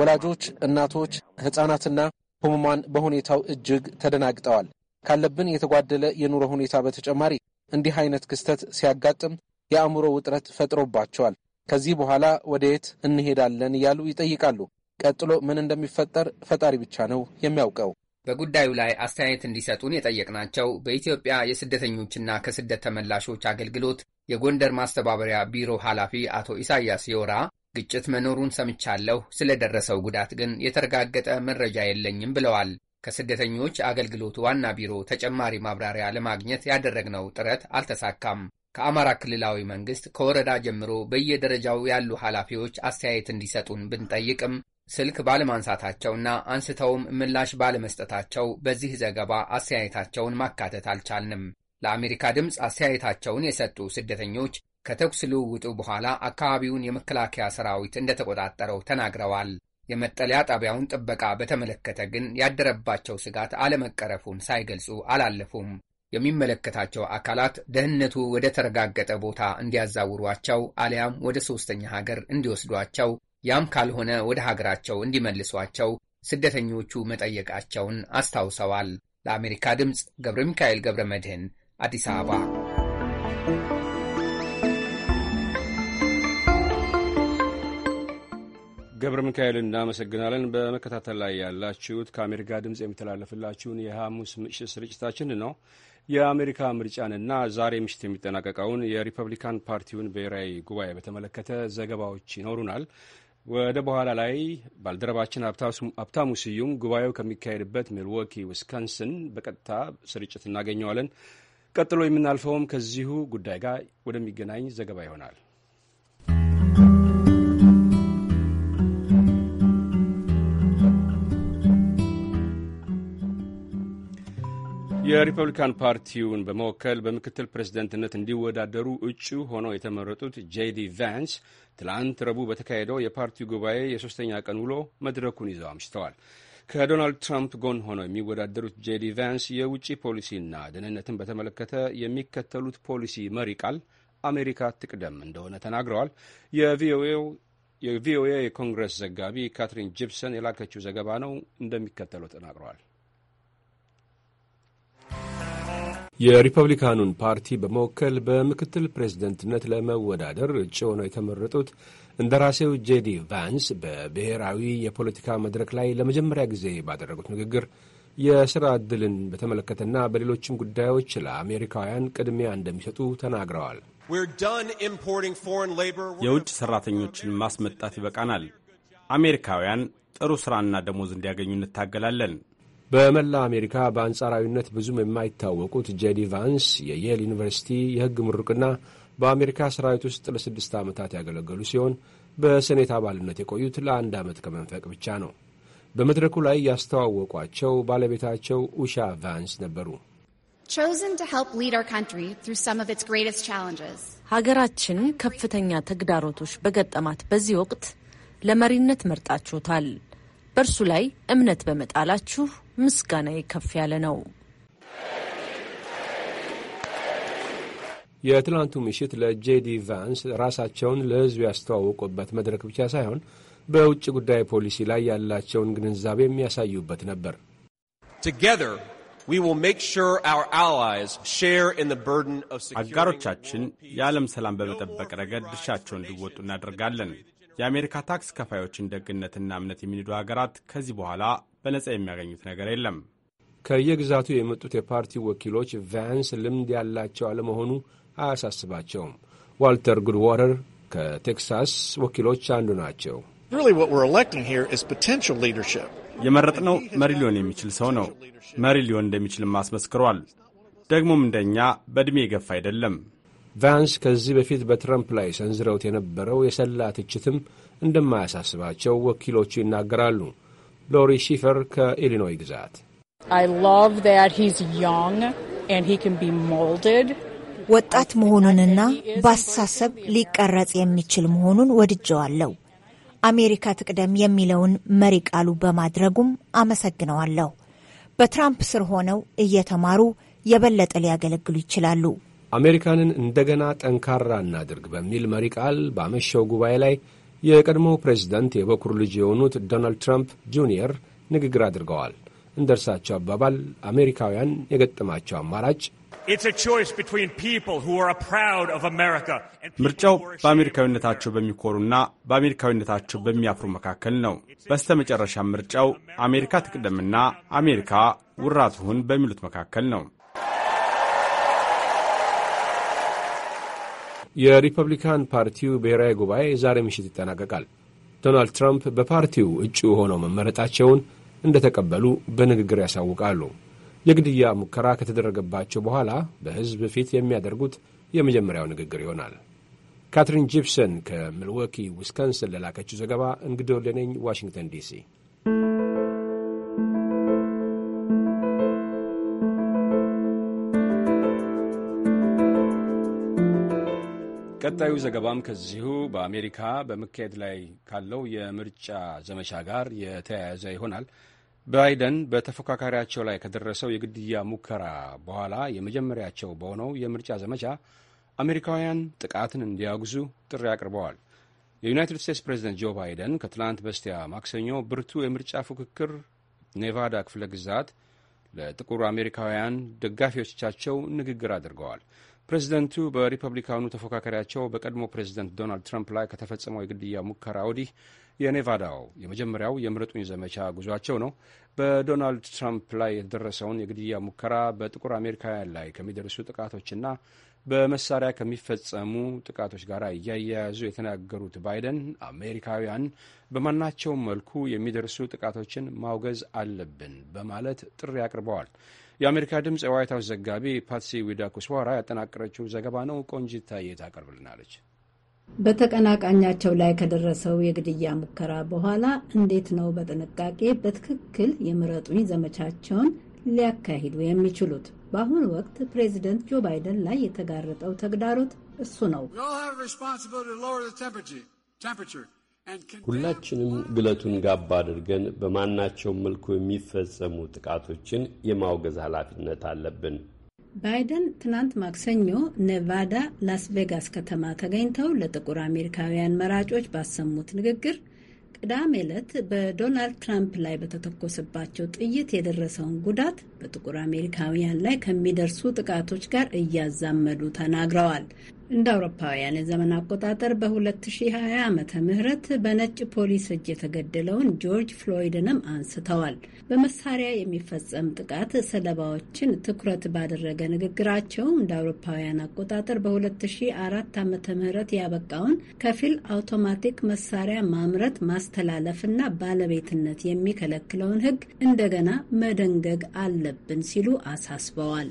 S2: ወላጆች፣ እናቶች፣ ህጻናትና ህሙማን በሁኔታው እጅግ ተደናግጠዋል። ካለብን የተጓደለ የኑሮ ሁኔታ በተጨማሪ እንዲህ አይነት ክስተት ሲያጋጥም የአእምሮ ውጥረት ፈጥሮባቸዋል። ከዚህ በኋላ ወደ የት እንሄዳለን እያሉ ይጠይቃሉ። ቀጥሎ ምን እንደሚፈጠር ፈጣሪ ብቻ ነው የሚያውቀው።
S7: በጉዳዩ ላይ አስተያየት እንዲሰጡን የጠየቅናቸው በኢትዮጵያ የስደተኞችና ከስደት ተመላሾች አገልግሎት የጎንደር ማስተባበሪያ ቢሮ ኃላፊ አቶ ኢሳያስ ዮራ ግጭት መኖሩን ሰምቻለሁ፣ ስለደረሰው ጉዳት ግን የተረጋገጠ መረጃ የለኝም ብለዋል። ከስደተኞች አገልግሎት ዋና ቢሮ ተጨማሪ ማብራሪያ ለማግኘት ያደረግነው ጥረት አልተሳካም። ከአማራ ክልላዊ መንግሥት ከወረዳ ጀምሮ በየደረጃው ያሉ ኃላፊዎች አስተያየት እንዲሰጡን ብንጠይቅም ስልክ ባለማንሳታቸውና አንስተውም ምላሽ ባለመስጠታቸው በዚህ ዘገባ አስተያየታቸውን ማካተት አልቻልንም። ለአሜሪካ ድምፅ አስተያየታቸውን የሰጡ ስደተኞች ከተኩስ ልውውጡ በኋላ አካባቢውን የመከላከያ ሰራዊት እንደተቆጣጠረው ተናግረዋል። የመጠለያ ጣቢያውን ጥበቃ በተመለከተ ግን ያደረባቸው ስጋት አለመቀረፉን ሳይገልጹ አላለፉም። የሚመለከታቸው አካላት ደህንነቱ ወደ ተረጋገጠ ቦታ እንዲያዛውሯቸው አሊያም ወደ ሦስተኛ ሀገር እንዲወስዷቸው፣ ያም ካልሆነ ወደ ሀገራቸው እንዲመልሷቸው ስደተኞቹ መጠየቃቸውን አስታውሰዋል። ለአሜሪካ ድምፅ ገብረ ሚካኤል ገብረ መድህን አዲስ አበባ ገብረ ሚካኤል እናመሰግናለን።
S1: በመከታተል ላይ ያላችሁት ከአሜሪካ ድምፅ የሚተላለፍላችሁን የሐሙስ ምሽት ስርጭታችን ነው። የአሜሪካ ምርጫንና ዛሬ ምሽት የሚጠናቀቀውን የሪፐብሊካን ፓርቲውን ብሔራዊ ጉባኤ በተመለከተ ዘገባዎች ይኖሩናል። ወደ በኋላ ላይ ባልደረባችን ሀብታሙ ስዩም ጉባኤው ከሚካሄድበት ሚልዎኪ ዊስኮንስን በቀጥታ ስርጭት እናገኘዋለን። ቀጥሎ የምናልፈውም ከዚሁ ጉዳይ ጋር ወደሚገናኝ ዘገባ ይሆናል። የሪፐብሊካን ፓርቲውን በመወከል በምክትል ፕሬዝደንትነት እንዲወዳደሩ እጩ ሆነው የተመረጡት ጄዲ ቫንስ ትላንት ረቡዕ በተካሄደው የፓርቲው ጉባኤ የሶስተኛ ቀን ውሎ መድረኩን ይዘው አምሽተዋል። ከዶናልድ ትራምፕ ጎን ሆነው የሚወዳደሩት ጄዲ ቫንስ የውጭ ፖሊሲና ደህንነትን በተመለከተ የሚከተሉት ፖሊሲ መሪ ቃል አሜሪካ ትቅደም እንደሆነ ተናግረዋል። የቪኦኤ የኮንግረስ ዘጋቢ ካትሪን ጂፕሰን የላከችው ዘገባ ነው እንደሚከተለው ተናግረዋል። የሪፐብሊካኑን ፓርቲ በመወከል በምክትል ፕሬዝደንትነት ለመወዳደር እጩ ሆነው የተመረጡት እንደራሴው ጄዲ ቫንስ በብሔራዊ የፖለቲካ መድረክ ላይ ለመጀመሪያ ጊዜ ባደረጉት ንግግር የሥራ ዕድልን በተመለከተና በሌሎችም ጉዳዮች ለአሜሪካውያን ቅድሚያ እንደሚሰጡ ተናግረዋል።
S4: የውጭ ሠራተኞችን ማስመጣት ይበቃናል። አሜሪካውያን ጥሩ ሥራና ደሞዝ እንዲያገኙ እንታገላለን።
S1: በመላ አሜሪካ በአንጻራዊነት ብዙም የማይታወቁት ጄዲ ቫንስ የየል ዩኒቨርሲቲ የሕግ ምሩቅና በአሜሪካ ሰራዊት ውስጥ ለስድስት ዓመታት ያገለገሉ ሲሆን በሴኔት አባልነት የቆዩት ለአንድ ዓመት ከመንፈቅ ብቻ ነው። በመድረኩ ላይ ያስተዋወቋቸው ባለቤታቸው ኡሻ ቫንስ ነበሩ። ሀገራችን
S8: ከፍተኛ ተግዳሮቶች በገጠማት በዚህ ወቅት ለመሪነት መርጣችሁታል። በእርሱ ላይ እምነት በመጣላችሁ ምስጋና ከፍ ያለ ነው።
S1: የትላንቱ ምሽት ለጄዲ ቫንስ ራሳቸውን ለሕዝብ ያስተዋወቁበት መድረክ ብቻ ሳይሆን በውጭ ጉዳይ ፖሊሲ ላይ ያላቸውን ግንዛቤ የሚያሳዩበት ነበር።
S4: አጋሮቻችን የዓለም ሰላም በመጠበቅ ረገድ ድርሻቸውን እንዲወጡ እናደርጋለን። የአሜሪካ ታክስ ከፋዮችን ደግነትና እምነት የሚንዱ ሀገራት ከዚህ በኋላ በነጻ የሚያገኙት ነገር የለም።
S1: ከየግዛቱ የመጡት የፓርቲ ወኪሎች ቫንስ ልምድ ያላቸው አለመሆኑ አያሳስባቸውም። ዋልተር ጉድዋተር ከቴክሳስ ወኪሎች አንዱ ናቸው።
S4: የመረጥነው መሪ ሊሆን የሚችል ሰው ነው። መሪ ሊሆን እንደሚችልም አስመስክሯል። ደግሞም እንደኛ በዕድሜ የገፋ አይደለም።
S1: ቫንስ ከዚህ በፊት በትረምፕ ላይ ሰንዝረውት የነበረው የሰላ ትችትም እንደማያሳስባቸው ወኪሎቹ ይናገራሉ። ሎሪ ሺፈር ከኢሊኖይ ግዛት
S5: ወጣት መሆኑንና ባሳሰብ ሊቀረጽ የሚችል መሆኑን ወድጀዋለሁ። አሜሪካ ትቅደም የሚለውን መሪ ቃሉ በማድረጉም አመሰግነዋለሁ። በትራምፕ ስር ሆነው እየተማሩ የበለጠ ሊያገለግሉ ይችላሉ።
S1: አሜሪካንን እንደገና ጠንካራ እናድርግ በሚል መሪ ቃል ባመሸው ጉባኤ ላይ የቀድሞው ፕሬዚደንት የበኩር ልጅ የሆኑት ዶናልድ ትራምፕ ጁኒየር ንግግር አድርገዋል። እንደ እርሳቸው አባባል አሜሪካውያን የገጠማቸው አማራጭ ምርጫው
S4: በአሜሪካዊነታቸው በሚኮሩና በአሜሪካዊነታቸው በሚያፍሩ መካከል ነው። በስተ መጨረሻ ምርጫው አሜሪካ ትቅደምና አሜሪካ ውራ ትሁን በሚሉት መካከል ነው።
S1: የሪፐብሊካን ፓርቲው ብሔራዊ ጉባኤ ዛሬ ምሽት ይጠናቀቃል። ዶናልድ ትራምፕ በፓርቲው እጩ ሆነው መመረጣቸውን እንደተቀበሉ በንግግር ያሳውቃሉ። የግድያ ሙከራ ከተደረገባቸው በኋላ በሕዝብ ፊት የሚያደርጉት የመጀመሪያው ንግግር ይሆናል። ካትሪን ጂፕሰን ከምልወኪ ዊስከንሰን ለላከችው ዘገባ እንግዶ ለነኝ ዋሽንግተን ዲሲ ቀጣዩ ዘገባም ከዚሁ በአሜሪካ በመካሄድ ላይ ካለው የምርጫ ዘመቻ ጋር የተያያዘ ይሆናል። ባይደን በተፎካካሪያቸው ላይ ከደረሰው የግድያ ሙከራ በኋላ የመጀመሪያቸው በሆነው የምርጫ ዘመቻ አሜሪካውያን ጥቃትን እንዲያጉዙ ጥሪ አቅርበዋል። የዩናይትድ ስቴትስ ፕሬዝደንት ጆ ባይደን ከትላንት በስቲያ ማክሰኞ ብርቱ የምርጫ ፉክክር ኔቫዳ ክፍለ ግዛት ለጥቁር አሜሪካውያን ደጋፊዎቻቸው ንግግር አድርገዋል። ፕሬዚደንቱ በሪፐብሊካኑ ተፎካካሪያቸው በቀድሞ ፕሬዚደንት ዶናልድ ትራምፕ ላይ ከተፈጸመው የግድያ ሙከራ ወዲህ የኔቫዳው የመጀመሪያው የምረጡኝ ዘመቻ ጉዟቸው ነው። በዶናልድ ትራምፕ ላይ የተደረሰውን የግድያ ሙከራ በጥቁር አሜሪካውያን ላይ ከሚደርሱ ጥቃቶችና በመሳሪያ ከሚፈጸሙ ጥቃቶች ጋር እያያያዙ የተናገሩት ባይደን አሜሪካውያን በማናቸውም መልኩ የሚደርሱ ጥቃቶችን ማውገዝ አለብን በማለት ጥሪ አቅርበዋል። የአሜሪካ ድምፅ የዋይት ሀውስ ዘጋቢ ፓትሲ ዊዳኩስዋራ ያጠናቀረችው ዘገባ ነው። ቆንጂት ታዬ ታቀርብልናለች።
S8: በተቀናቃኛቸው ላይ ከደረሰው የግድያ ሙከራ በኋላ እንዴት ነው በጥንቃቄ በትክክል የምረጡኝ ዘመቻቸውን ሊያካሂዱ የሚችሉት? በአሁኑ ወቅት ፕሬዚደንት ጆ ባይደን ላይ የተጋረጠው ተግዳሮት እሱ ነው።
S9: ሁላችንም ግለቱን ጋባ አድርገን በማናቸውም መልኩ የሚፈጸሙ ጥቃቶችን የማውገዝ ኃላፊነት አለብን።
S8: ባይደን ትናንት ማክሰኞ ኔቫዳ ላስ ቬጋስ ከተማ ተገኝተው ለጥቁር አሜሪካውያን መራጮች ባሰሙት ንግግር ቅዳሜ ዕለት በዶናልድ ትራምፕ ላይ በተተኮሰባቸው ጥይት የደረሰውን ጉዳት በጥቁር አሜሪካውያን ላይ ከሚደርሱ ጥቃቶች ጋር እያዛመዱ ተናግረዋል። እንደ አውሮፓውያን የዘመን አቆጣጠር በ2020 ዓ ም በነጭ ፖሊስ እጅ የተገደለውን ጆርጅ ፍሎይድንም አንስተዋል። በመሳሪያ የሚፈጸም ጥቃት ሰለባዎችን ትኩረት ባደረገ ንግግራቸው እንደ አውሮፓውያን አቆጣጠር በ2004 ዓ ም ያበቃውን ከፊል አውቶማቲክ መሳሪያ ማምረት ማስተላለፍና ባለቤትነት የሚከለክለውን ሕግ እንደገና መደንገግ አለብን ሲሉ አሳስበዋል።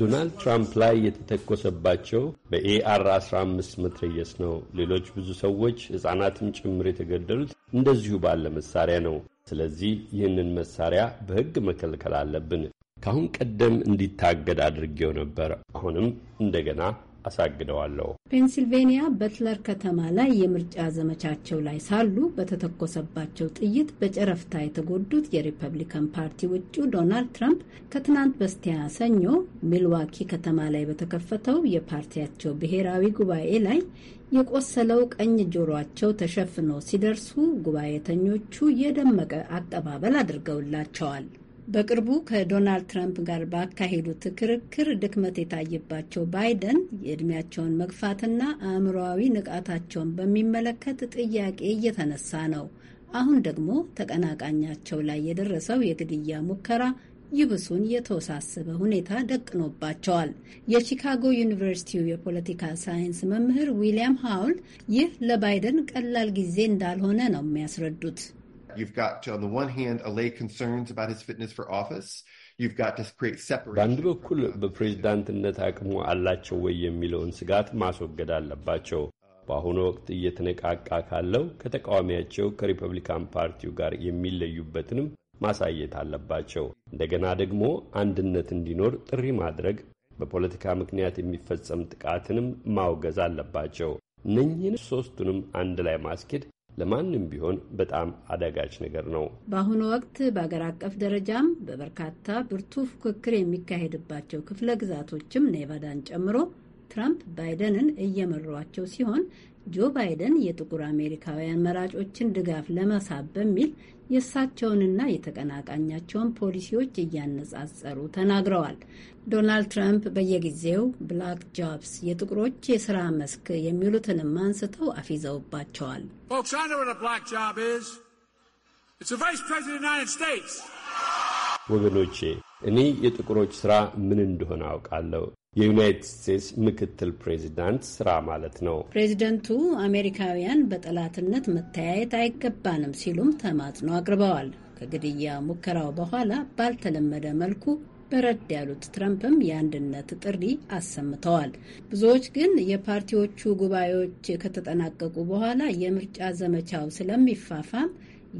S9: ዶናልድ ትራምፕ ላይ የተተኮሰባቸው በኤአር 15 መትረየስ ነው። ሌሎች ብዙ ሰዎች ሕፃናትም ጭምር የተገደሉት እንደዚሁ ባለ መሳሪያ ነው። ስለዚህ ይህንን መሳሪያ በሕግ መከልከል አለብን። ከአሁን ቀደም እንዲታገድ አድርጌው ነበር። አሁንም እንደገና አሳግደዋለሁ።
S8: ፔንሲልቬኒያ በትለር ከተማ ላይ የምርጫ ዘመቻቸው ላይ ሳሉ በተተኮሰባቸው ጥይት በጨረፍታ የተጎዱት የሪፐብሊካን ፓርቲ ውጪው ዶናልድ ትራምፕ ከትናንት በስቲያ ሰኞ ሚልዋኪ ከተማ ላይ በተከፈተው የፓርቲያቸው ብሔራዊ ጉባኤ ላይ የቆሰለው ቀኝ ጆሮአቸው ተሸፍኖ ሲደርሱ ጉባኤተኞቹ የደመቀ አቀባበል አድርገውላቸዋል። በቅርቡ ከዶናልድ ትራምፕ ጋር ባካሄዱት ክርክር ድክመት የታየባቸው ባይደን የእድሜያቸውን መግፋትና አእምሮዊ ንቃታቸውን በሚመለከት ጥያቄ እየተነሳ ነው። አሁን ደግሞ ተቀናቃኛቸው ላይ የደረሰው የግድያ ሙከራ ይብሱን የተወሳሰበ ሁኔታ ደቅኖባቸዋል። የቺካጎ ዩኒቨርሲቲው የፖለቲካ ሳይንስ መምህር ዊሊያም ሃውል ይህ ለባይደን ቀላል ጊዜ እንዳልሆነ ነው
S9: የሚያስረዱት። You've got to, on the one hand, allay concerns about his fitness for office. You've got to create separation. በአንድ በኩል በፕሬዝዳንትነት አቅሙ አላቸው ወይ የሚለውን ስጋት ማስወገድ አለባቸው። በአሁኑ ወቅት እየተነቃቃ ካለው ከተቃዋሚያቸው ከሪፐብሊካን ፓርቲው ጋር የሚለዩበትንም ማሳየት አለባቸው። እንደገና ደግሞ አንድነት እንዲኖር ጥሪ ማድረግ፣ በፖለቲካ ምክንያት የሚፈጸም ጥቃትንም ማውገዝ አለባቸው። እነኚህን ሦስቱንም አንድ ላይ ማስኬድ ለማንም ቢሆን በጣም አዳጋች ነገር ነው።
S8: በአሁኑ ወቅት በአገር አቀፍ ደረጃም በበርካታ ብርቱ ፉክክር የሚካሄድባቸው ክፍለ ግዛቶችም ኔቫዳን ጨምሮ ትራምፕ ባይደንን እየመሯቸው ሲሆን ጆ ባይደን የጥቁር አሜሪካውያን መራጮችን ድጋፍ ለመሳብ በሚል የእሳቸውንና የተቀናቃኛቸውን ፖሊሲዎች እያነጻጸሩ ተናግረዋል። ዶናልድ ትራምፕ በየጊዜው ብላክ ጆብስ የጥቁሮች የሥራ መስክ የሚሉትንም አንስተው አፊዘውባቸዋል።
S9: ወገኖቼ እኔ የጥቁሮች ሥራ ምን እንደሆነ አውቃለሁ። የዩናይትድ ስቴትስ ምክትል ፕሬዚዳንት ሥራ ማለት ነው።
S8: ፕሬዚደንቱ አሜሪካውያን በጠላትነት መተያየት አይገባንም ሲሉም ተማጽኖ አቅርበዋል። ከግድያ ሙከራው በኋላ ባልተለመደ መልኩ በረድ ያሉት ትረምፕም የአንድነት ጥሪ አሰምተዋል። ብዙዎች ግን የፓርቲዎቹ ጉባኤዎች ከተጠናቀቁ በኋላ የምርጫ ዘመቻው ስለሚፋፋም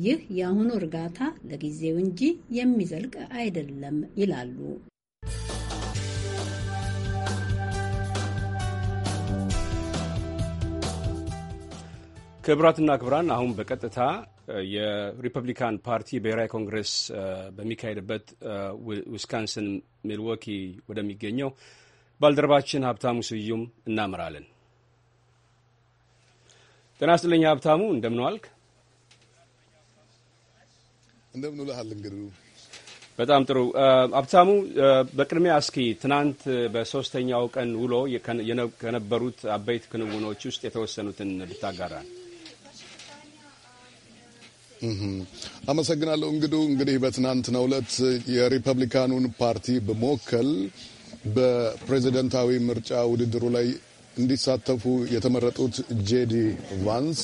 S8: ይህ የአሁኑ እርጋታ ለጊዜው እንጂ የሚዘልቅ አይደለም ይላሉ።
S1: ክቡራትና ክቡራን አሁን በቀጥታ የሪፐብሊካን ፓርቲ ብሔራዊ ኮንግረስ በሚካሄድበት ዊስካንስን ሚልዎኪ ወደሚገኘው ባልደረባችን ሀብታሙ ስዩም እናመራለን። ጤና ይስጥልኝ ሀብታሙ፣ እንደምን ዋልክ?
S10: እንደምን ውለሃል? እንግዲህ
S1: በጣም ጥሩ ሀብታሙ፣ በቅድሚያ እስኪ ትናንት በሶስተኛው ቀን ውሎ ከነበሩት አበይት ክንውኖች ውስጥ የተወሰኑትን ብታጋራል።
S10: አመሰግናለሁ። እንግዱ እንግዲህ በትናንትናው ዕለት የሪፐብሊካኑን ፓርቲ በመወከል በፕሬዚደንታዊ ምርጫ ውድድሩ ላይ እንዲሳተፉ የተመረጡት ጄዲ ቫንስ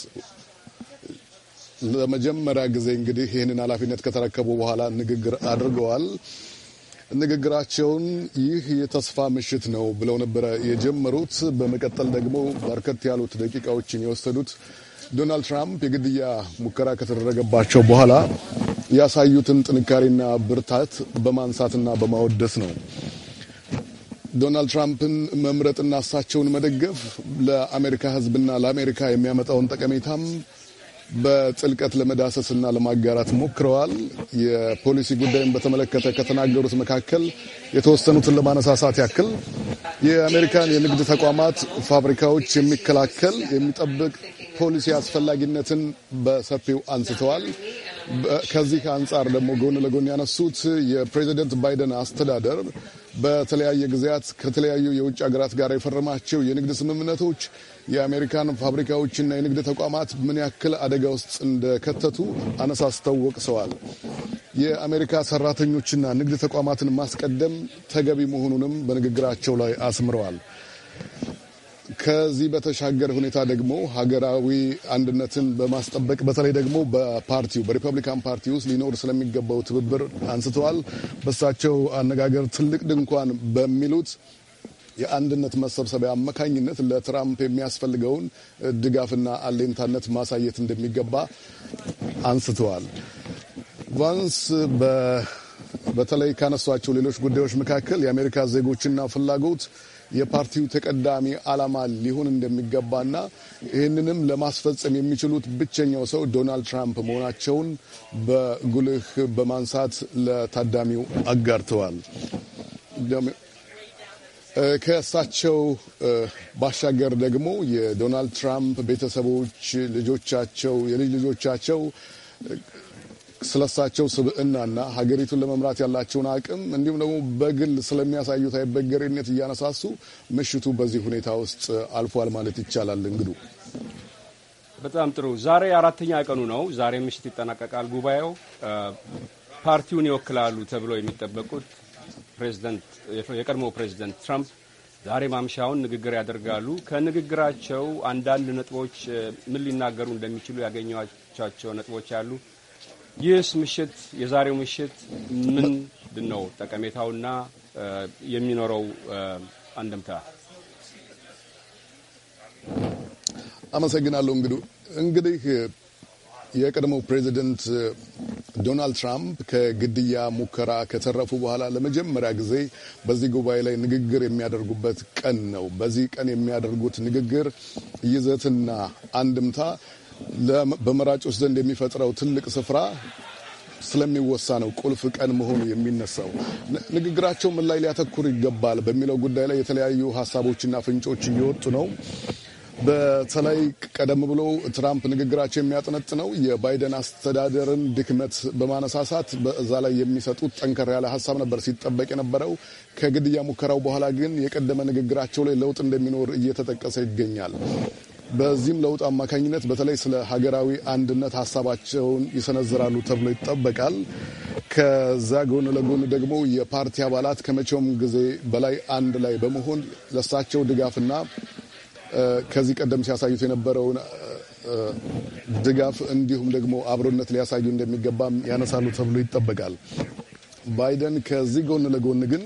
S10: ለመጀመሪያ ጊዜ እንግዲህ ይህንን ኃላፊነት ከተረከቡ በኋላ ንግግር አድርገዋል። ንግግራቸውን ይህ የተስፋ ምሽት ነው ብለው ነበረ የጀመሩት። በመቀጠል ደግሞ በርከት ያሉት ደቂቃዎችን የወሰዱት ዶናልድ ትራምፕ የግድያ ሙከራ ከተደረገባቸው በኋላ ያሳዩትን ጥንካሬና ብርታት በማንሳትና በማወደስ ነው። ዶናልድ ትራምፕን መምረጥና እሳቸውን መደገፍ ለአሜሪካ ሕዝብና ለአሜሪካ የሚያመጣውን ጠቀሜታም በጥልቀት ለመዳሰስና ለማጋራት ሞክረዋል። የፖሊሲ ጉዳይን በተመለከተ ከተናገሩት መካከል የተወሰኑትን ለማነሳሳት ያክል የአሜሪካን የንግድ ተቋማት፣ ፋብሪካዎች የሚከላከል የሚጠብቅ ፖሊሲ አስፈላጊነትን በሰፊው አንስተዋል። ከዚህ አንጻር ደግሞ ጎን ለጎን ያነሱት የፕሬዚደንት ባይደን አስተዳደር በተለያየ ጊዜያት ከተለያዩ የውጭ ሀገራት ጋር የፈረማቸው የንግድ ስምምነቶች የአሜሪካን ፋብሪካዎችና የንግድ ተቋማት ምን ያክል አደጋ ውስጥ እንደከተቱ አነሳስተው ወቅሰዋል። የአሜሪካ ሰራተኞችና ንግድ ተቋማትን ማስቀደም ተገቢ መሆኑንም በንግግራቸው ላይ አስምረዋል። ከዚህ በተሻገረ ሁኔታ ደግሞ ሀገራዊ አንድነትን በማስጠበቅ በተለይ ደግሞ በፓርቲው በሪፐብሊካን ፓርቲ ውስጥ ሊኖር ስለሚገባው ትብብር አንስተዋል። በሳቸው አነጋገር ትልቅ ድንኳን በሚሉት የአንድነት መሰብሰቢያ አማካኝነት ለትራምፕ የሚያስፈልገውን ድጋፍና አሌንታነት ማሳየት እንደሚገባ አንስተዋል። ቫንስ በተለይ ካነሷቸው ሌሎች ጉዳዮች መካከል የአሜሪካ ዜጎችና ፍላጎት የፓርቲው ተቀዳሚ ዓላማ ሊሆን እንደሚገባና ይህንንም ለማስፈጸም የሚችሉት ብቸኛው ሰው ዶናልድ ትራምፕ መሆናቸውን በጉልህ በማንሳት ለታዳሚው አጋርተዋል። ከእሳቸው ባሻገር ደግሞ የዶናልድ ትራምፕ ቤተሰቦች፣ ልጆቻቸው፣ የልጅ ልጆቻቸው ስለሳቸው ስብዕናና ሀገሪቱን ለመምራት ያላቸውን አቅም እንዲሁም ደግሞ በግል ስለሚያሳዩት አይበገሬነት እያነሳሱ ምሽቱ በዚህ ሁኔታ ውስጥ አልፏል ማለት ይቻላል። እንግዱ
S1: በጣም ጥሩ። ዛሬ አራተኛ ቀኑ ነው። ዛሬ ምሽት ይጠናቀቃል ጉባኤው። ፓርቲውን ይወክላሉ ተብለው የሚጠበቁት የቀድሞ ፕሬዚደንት ትራምፕ ዛሬ ማምሻውን ንግግር ያደርጋሉ። ከንግግራቸው አንዳንድ ነጥቦች ምን ሊናገሩ እንደሚችሉ ያገኘቻቸው ነጥቦች አሉ። ይህስ ምሽት የዛሬው ምሽት ምንድን ነው ጠቀሜታውና የሚኖረው አንድምታ?
S10: አመሰግናለሁ። እንግዱ እንግዲህ የቀድሞው ፕሬዚደንት ዶናልድ ትራምፕ ከግድያ ሙከራ ከተረፉ በኋላ ለመጀመሪያ ጊዜ በዚህ ጉባኤ ላይ ንግግር የሚያደርጉበት ቀን ነው። በዚህ ቀን የሚያደርጉት ንግግር ይዘትና አንድምታ በመራጮች ዘንድ የሚፈጥረው ትልቅ ስፍራ ስለሚወሳ ነው ቁልፍ ቀን መሆኑ የሚነሳው። ንግግራቸው ምን ላይ ሊያተኩር ይገባል በሚለው ጉዳይ ላይ የተለያዩ ሀሳቦችና ፍንጮች እየወጡ ነው። በተለይ ቀደም ብሎ ትራምፕ ንግግራቸው የሚያጠነጥነው የባይደን አስተዳደርን ድክመት በማነሳሳት በዛ ላይ የሚሰጡት ጠንከር ያለ ሀሳብ ነበር ሲጠበቅ የነበረው። ከግድያ ሙከራው በኋላ ግን የቀደመ ንግግራቸው ላይ ለውጥ እንደሚኖር እየተጠቀሰ ይገኛል። በዚህም ለውጥ አማካኝነት በተለይ ስለ ሀገራዊ አንድነት ሀሳባቸውን ይሰነዝራሉ ተብሎ ይጠበቃል። ከዛ ጎን ለጎን ደግሞ የፓርቲ አባላት ከመቼውም ጊዜ በላይ አንድ ላይ በመሆን ለሳቸው ድጋፍና ከዚህ ቀደም ሲያሳዩት የነበረውን ድጋፍ እንዲሁም ደግሞ አብሮነት ሊያሳዩ እንደሚገባም ያነሳሉ ተብሎ ይጠበቃል። ባይደን ከዚህ ጎን ለጎን ግን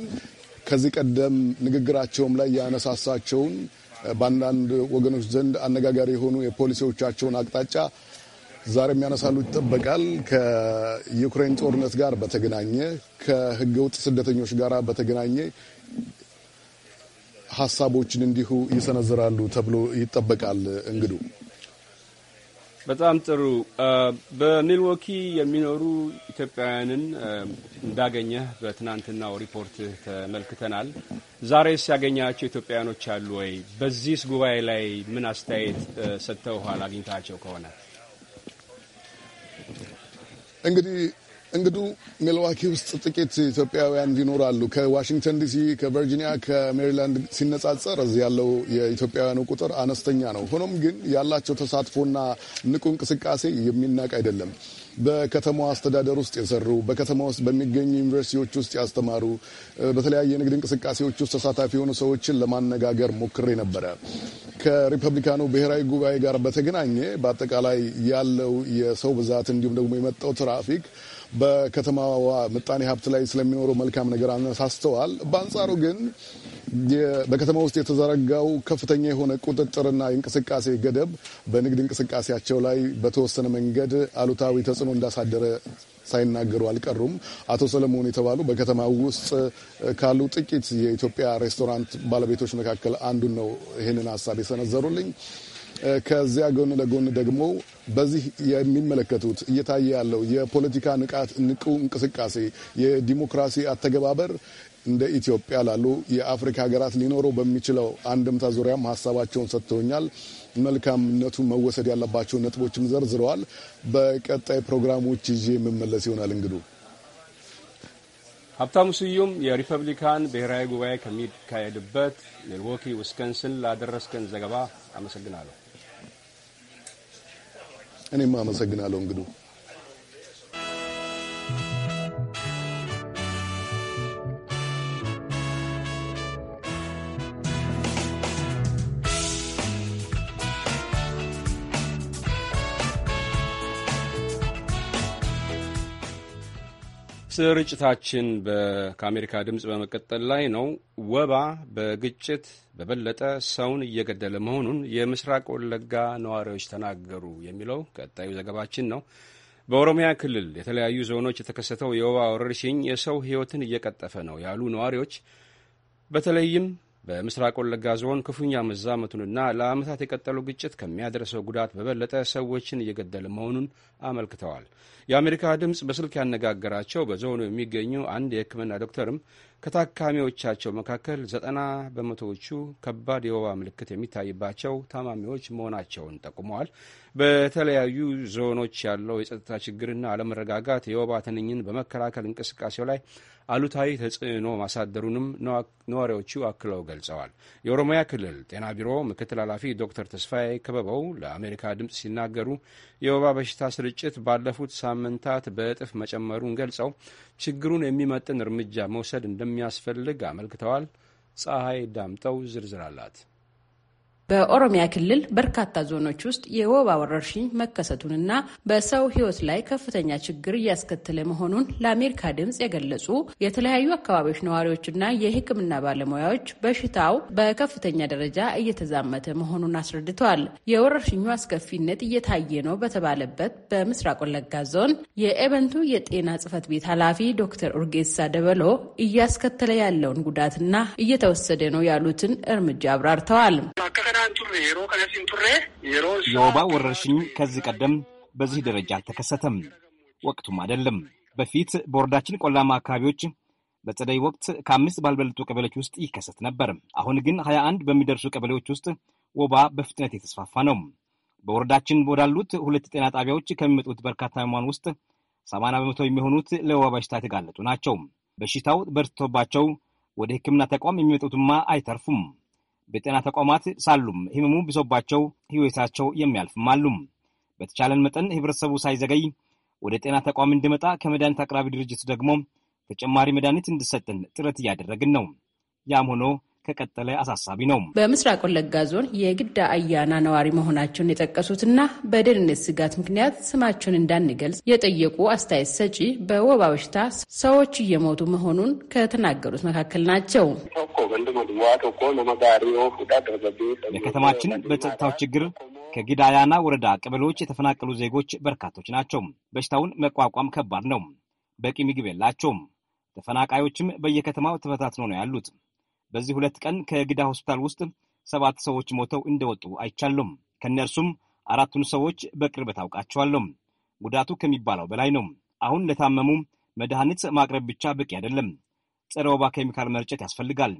S10: ከዚህ ቀደም ንግግራቸውም ላይ ያነሳሳቸውን በአንዳንድ ወገኖች ዘንድ አነጋጋሪ የሆኑ የፖሊሲዎቻቸውን አቅጣጫ ዛሬ የሚያነሳሉ ይጠበቃል። ከዩክሬን ጦርነት ጋር በተገናኘ ከህገ ወጥ ስደተኞች ጋር በተገናኘ ሀሳቦችን እንዲሁ ይሰነዝራሉ ተብሎ ይጠበቃል እንግዱ
S1: በጣም ጥሩ። በሚልዎኪ የሚኖሩ ኢትዮጵያውያንን እንዳገኘህ በትናንትናው ሪፖርት ተመልክተናል። ዛሬስ ያገኛቸው ኢትዮጵያውያኖች አሉ ወይ? በዚህስ ጉባኤ ላይ ምን አስተያየት ሰጥተውኋል? አግኝታቸው ከሆነ
S10: እንግዲህ እንግዱ ሚልዋኪ ውስጥ ጥቂት ኢትዮጵያውያን ይኖራሉ። ከዋሽንግተን ዲሲ፣ ከቨርጂኒያ፣ ከሜሪላንድ ሲነጻጸር እዚህ ያለው የኢትዮጵያውያኑ ቁጥር አነስተኛ ነው። ሆኖም ግን ያላቸው ተሳትፎና ንቁ እንቅስቃሴ የሚናቅ አይደለም። በከተማዋ አስተዳደር ውስጥ የሰሩ በከተማ ውስጥ በሚገኙ ዩኒቨርሲቲዎች ውስጥ ያስተማሩ በተለያየ የንግድ እንቅስቃሴዎች ውስጥ ተሳታፊ የሆኑ ሰዎችን ለማነጋገር ሞክሬ ነበረ። ከሪፐብሊካኑ ብሔራዊ ጉባኤ ጋር በተገናኘ በአጠቃላይ ያለው የሰው ብዛት እንዲሁም ደግሞ የመጣው ትራፊክ በከተማዋ ምጣኔ ሀብት ላይ ስለሚኖረው መልካም ነገር አነሳስተዋል። በአንጻሩ ግን በከተማ ውስጥ የተዘረጋው ከፍተኛ የሆነ ቁጥጥርና የእንቅስቃሴ ገደብ በንግድ እንቅስቃሴያቸው ላይ በተወሰነ መንገድ አሉታዊ ተጽዕኖ እንዳሳደረ ሳይናገሩ አልቀሩም። አቶ ሰለሞን የተባሉ በከተማ ውስጥ ካሉ ጥቂት የኢትዮጵያ ሬስቶራንት ባለቤቶች መካከል አንዱን ነው ይህንን ሀሳብ የሰነዘሩልኝ። ከዚያ ጎን ለጎን ደግሞ በዚህ የሚመለከቱት እየታየ ያለው የፖለቲካ ንቃት ንቁ እንቅስቃሴ የዲሞክራሲ አተገባበር እንደ ኢትዮጵያ ላሉ የአፍሪካ ሀገራት ሊኖረው በሚችለው አንድምታ ዙሪያም ሀሳባቸውን ሰጥተውኛል። መልካምነቱ መወሰድ ያለባቸው ነጥቦችም ዘርዝረዋል። በቀጣይ ፕሮግራሞች ይዤ የምመለስ ይሆናል። እንግዱ
S1: ሀብታሙ ስዩም የሪፐብሊካን ብሔራዊ ጉባኤ ከሚካሄድበት ሚልዎኪ ዊስከንስን ላደረስከን ዘገባ አመሰግናለሁ።
S10: እኔም አመሰግናለሁ እንግዱ።
S1: ስርጭታችን ከአሜሪካ ድምፅ በመቀጠል ላይ ነው። ወባ በግጭት በበለጠ ሰውን እየገደለ መሆኑን የምስራቅ ወለጋ ነዋሪዎች ተናገሩ የሚለው ቀጣዩ ዘገባችን ነው። በኦሮሚያ ክልል የተለያዩ ዞኖች የተከሰተው የወባ ወረርሽኝ የሰው ሕይወትን እየቀጠፈ ነው ያሉ ነዋሪዎች በተለይም በምስራቅ ወለጋ ዞን ክፉኛ መዛመቱንና ለዓመታት የቀጠለው ግጭት ከሚያደርሰው ጉዳት በበለጠ ሰዎችን እየገደለ መሆኑን አመልክተዋል። የአሜሪካ ድምፅ በስልክ ያነጋገራቸው በዞኑ የሚገኙ አንድ የሕክምና ዶክተርም ከታካሚዎቻቸው መካከል ዘጠና በመቶዎቹ ከባድ የወባ ምልክት የሚታይባቸው ታማሚዎች መሆናቸውን ጠቁመዋል። በተለያዩ ዞኖች ያለው የጸጥታ ችግርና አለመረጋጋት የወባ ትንኝን በመከላከል እንቅስቃሴው ላይ አሉታዊ ተጽዕኖ ማሳደሩንም ነዋሪዎቹ አክለው ገልጸዋል። የኦሮሚያ ክልል ጤና ቢሮ ምክትል ኃላፊ ዶክተር ተስፋዬ ክበበው ለአሜሪካ ድምፅ ሲናገሩ የወባ በሽታ ስርጭት ባለፉት ሳምንታት በእጥፍ መጨመሩን ገልጸው ችግሩን የሚመጥን እርምጃ መውሰድ እንደሚያስፈልግ አመልክተዋል። ፀሐይ ዳምጠው ዝርዝር አላት።
S11: በኦሮሚያ ክልል በርካታ ዞኖች ውስጥ የወባ ወረርሽኝ መከሰቱንና በሰው ሕይወት ላይ ከፍተኛ ችግር እያስከተለ መሆኑን ለአሜሪካ ድምፅ የገለጹ የተለያዩ አካባቢዎች ነዋሪዎችና የሕክምና ባለሙያዎች በሽታው በከፍተኛ ደረጃ እየተዛመተ መሆኑን አስረድተዋል። የወረርሽኙ አስከፊነት እየታየ ነው በተባለበት በምስራቅ ወለጋ ዞን የኤበንቱ የጤና ጽሕፈት ቤት ኃላፊ ዶክተር ኡርጌሳ ደበሎ እያስከተለ ያለውን ጉዳትና እየተወሰደ ነው ያሉትን እርምጃ አብራርተዋል።
S12: የወባ ወረርሽኝ ከዚህ ቀደም በዚህ ደረጃ አልተከሰተም። ወቅቱም አይደለም። በፊት በወረዳችን ቆላማ አካባቢዎች በጸደይ ወቅት ከአምስት ባልበለጡ ቀበሌዎች ውስጥ ይከሰት ነበር። አሁን ግን ሀያ አንድ በሚደርሱ ቀበሌዎች ውስጥ ወባ በፍጥነት የተስፋፋ ነው። በወረዳችን ወዳሉት ሁለት ጤና ጣቢያዎች ከሚመጡት በርካታ ህሙማን ውስጥ ሰማንያ በመቶ የሚሆኑት ለወባ በሽታ የተጋለጡ ናቸው። በሽታው በርትቶባቸው ወደ ሕክምና ተቋም የሚመጡትማ አይተርፉም። በጤና ተቋማት ሳሉም ህመሙ ብሶባቸው ህይወታቸው የሚያልፍም አሉ። በተቻለን መጠን ህብረተሰቡ ሳይዘገይ ወደ ጤና ተቋም እንዲመጣ ከመድኃኒት አቅራቢ ድርጅት ደግሞ ተጨማሪ መድኃኒት እንዲሰጠን ጥረት እያደረግን ነው። ያም ሆኖ ከቀጠለ አሳሳቢ ነው።
S11: በምስራቅ ወለጋ ዞን የግዳ አያና ነዋሪ መሆናቸውን የጠቀሱትና በደህንነት ስጋት ምክንያት ስማቸውን እንዳንገልጽ የጠየቁ አስተያየት ሰጪ በወባ በሽታ ሰዎች እየሞቱ መሆኑን ከተናገሩት መካከል ናቸው። ሰው
S12: የከተማችን በጸጥታው ችግር ከጊዳያና ወረዳ ቀበሌዎች የተፈናቀሉ ዜጎች በርካቶች ናቸው። በሽታውን መቋቋም ከባድ ነው። በቂ ምግብ የላቸውም። ተፈናቃዮችም በየከተማው ተበታትኖ ነው ያሉት። በዚህ ሁለት ቀን ከግዳ ሆስፒታል ውስጥ ሰባት ሰዎች ሞተው እንደወጡ አይቻሉም። ከእነርሱም አራቱን ሰዎች በቅርበት አውቃቸዋለሁ። ጉዳቱ ከሚባለው በላይ ነው። አሁን ለታመሙ መድኃኒት ማቅረብ ብቻ በቂ አይደለም። ጸረ ወባ ኬሚካል መርጨት ያስፈልጋል።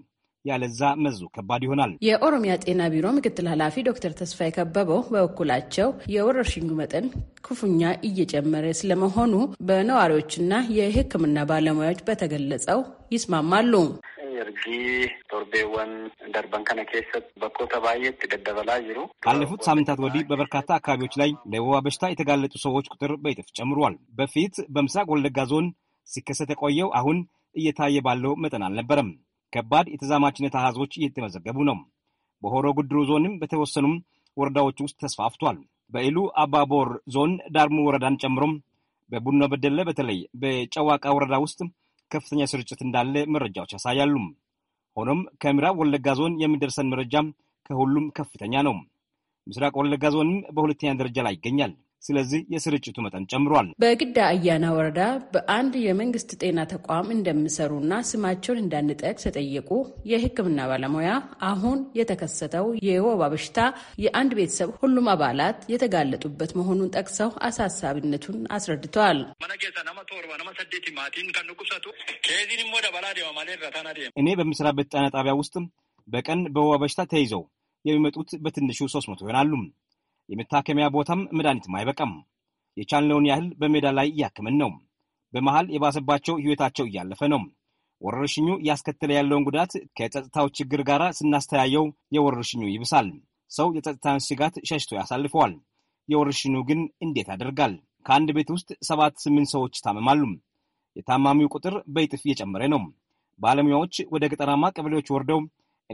S12: ያለዛ መዙ ከባድ ይሆናል።
S11: የኦሮሚያ ጤና ቢሮ ምክትል ኃላፊ ዶክተር ተስፋዬ ከበበው በበኩላቸው የወረርሽኙ መጠን ክፉኛ እየጨመረ ስለመሆኑ በነዋሪዎችና የሕክምና ባለሙያዎች በተገለጸው ይስማማሉ።
S3: ካለፉት
S12: ሳምንታት ወዲህ በበርካታ አካባቢዎች ላይ ለወባ በሽታ የተጋለጡ ሰዎች ቁጥር በይጥፍ ጨምሯል። በፊት በምስራቅ ወለጋ ዞን ሲከሰት የቆየው አሁን እየታየ ባለው መጠን አልነበረም። ከባድ የተዛማችነት አሃዞች እየተመዘገቡ ነው። በሆሮ ጉድሩ ዞንም በተወሰኑም ወረዳዎች ውስጥ ተስፋፍቷል። በኢሉ አባቦር ዞን ዳርሙ ወረዳን ጨምሮም በቡኖ በደለ በተለይ በጨዋቃ ወረዳ ውስጥ ከፍተኛ ስርጭት እንዳለ መረጃዎች ያሳያሉ። ሆኖም ከምዕራብ ወለጋ ዞን የሚደርሰን መረጃ ከሁሉም ከፍተኛ ነው። ምስራቅ ወለጋ ዞንም በሁለተኛ ደረጃ ላይ ይገኛል። ስለዚህ የስርጭቱ መጠን ጨምሯል።
S11: በግዳ አያና ወረዳ በአንድ የመንግስት ጤና ተቋም እንደሚሰሩና ስማቸውን እንዳንጠቅስ የጠየቁ የሕክምና ባለሙያ አሁን የተከሰተው የወባ በሽታ የአንድ ቤተሰብ ሁሉም አባላት የተጋለጡበት መሆኑን ጠቅሰው አሳሳቢነቱን አስረድተዋል። እኔ በምሰራበት ጤና ጣቢያ ውስጥ በቀን
S12: በወባ በሽታ ተይዘው የሚመጡት በትንሹ ሶስት መቶ ይሆናሉ። የመታከሚያ ቦታም መድኃኒትም አይበቃም። የቻልነውን ያህል በሜዳ ላይ እያከመን ነው። በመሃል የባሰባቸው ህይወታቸው እያለፈ ነው። ወረርሽኙ እያስከተለ ያለውን ጉዳት ከጸጥታው ችግር ጋር ስናስተያየው የወረርሽኙ ይብሳል። ሰው የጸጥታን ስጋት ሸሽቶ ያሳልፈዋል። የወረርሽኙ ግን እንዴት ያደርጋል? ከአንድ ቤት ውስጥ ሰባት ስምንት ሰዎች ይታመማሉ። የታማሚው ቁጥር በይጥፍ እየጨመረ ነው። ባለሙያዎች ወደ ገጠራማ ቀበሌዎች ወርደው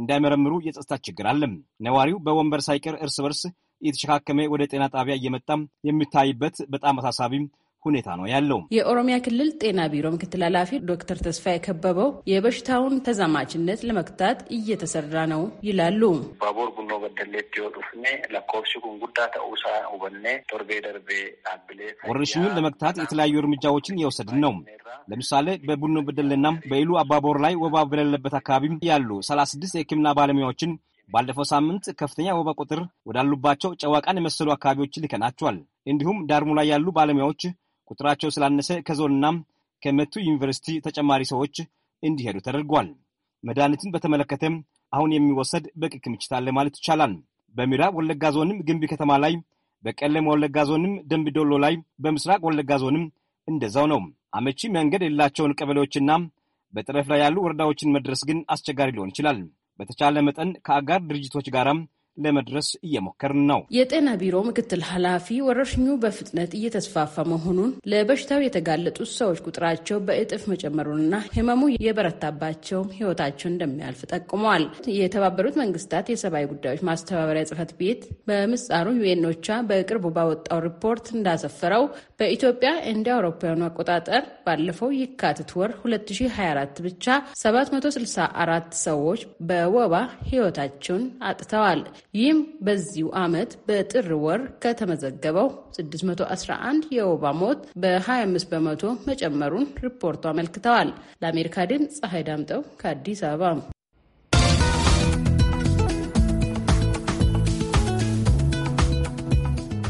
S12: እንዳይመረምሩ የጸጥታ ችግር አለ። ነዋሪው በወንበር ሳይቀር እርስ በርስ እየተሸካከመ ወደ ጤና ጣቢያ እየመጣ የሚታይበት በጣም አሳሳቢ ሁኔታ ነው ያለው።
S11: የኦሮሚያ ክልል ጤና ቢሮ ምክትል ኃላፊ ዶክተር ተስፋ የከበበው የበሽታውን ተዛማችነት ለመክታት እየተሰራ ነው ይላሉ። ባቦር
S2: ቡኖ በደሌት ዲወዱፍኔ ለኮብሲ ጉንጉዳ ተውሳ ውበኔ ቶርቤ ደርቤ አብሌ
S12: ወረርሽኙን ለመክታት የተለያዩ እርምጃዎችን እየወሰድን ነው። ለምሳሌ በቡኖ በደሌና በኢሉ አባቦር ላይ ወባ በሌለበት አካባቢ ያሉ ሰላሳ ስድስት የሕክምና ባለሙያዎችን ባለፈው ሳምንት ከፍተኛ ወባ ቁጥር ወዳሉባቸው ጨዋቃን የመሰሉ አካባቢዎች ልከናቸዋል። እንዲሁም ላይ ያሉ ባለሙያዎች ቁጥራቸው ስላነሰ ከዞንና ከመቱ ዩኒቨርሲቲ ተጨማሪ ሰዎች እንዲሄዱ ተደርጓል። መድኃኒትን በተመለከተ አሁን የሚወሰድ በቂ ክምችት አለ ማለት ይቻላል። በምዕራብ ወለጋ ዞንም ግንቢ ከተማ ላይ፣ በቀለም ወለጋ ዞንም ዶሎ ላይ፣ በምስራቅ ወለጋ ዞንም እንደዛው ነው። አመቺ መንገድ የሌላቸውን ቀበሌዎችና በጠረፍ ላይ ያሉ ወረዳዎችን መድረስ ግን አስቸጋሪ ሊሆን ይችላል። በተቻለ መጠን ከአጋር ድርጅቶች ጋርም ለመድረስ እየሞከርን ነው።
S11: የጤና ቢሮ ምክትል ኃላፊ ወረርሽኙ በፍጥነት እየተስፋፋ መሆኑን፣ ለበሽታው የተጋለጡ ሰዎች ቁጥራቸው በእጥፍ መጨመሩንና ህመሙ የበረታባቸው ህይወታቸው እንደሚያልፍ ጠቁመዋል። የተባበሩት መንግስታት የሰብአዊ ጉዳዮች ማስተባበሪያ ጽህፈት ቤት በምጻሩ ዩኤኖቻ በቅርቡ ባወጣው ሪፖርት እንዳሰፈረው በኢትዮጵያ እንደ አውሮፓውያኑ አቆጣጠር ባለፈው የካቲት ወር 2024 ብቻ 764 ሰዎች በወባ ህይወታቸውን አጥተዋል። ይህም በዚሁ ዓመት በጥር ወር ከተመዘገበው 611 የወባ ሞት በ25 በመቶ መጨመሩን ሪፖርቱ አመልክተዋል። ለአሜሪካ ድምፅ ፀሐይ ዳምጠው ከአዲስ አበባ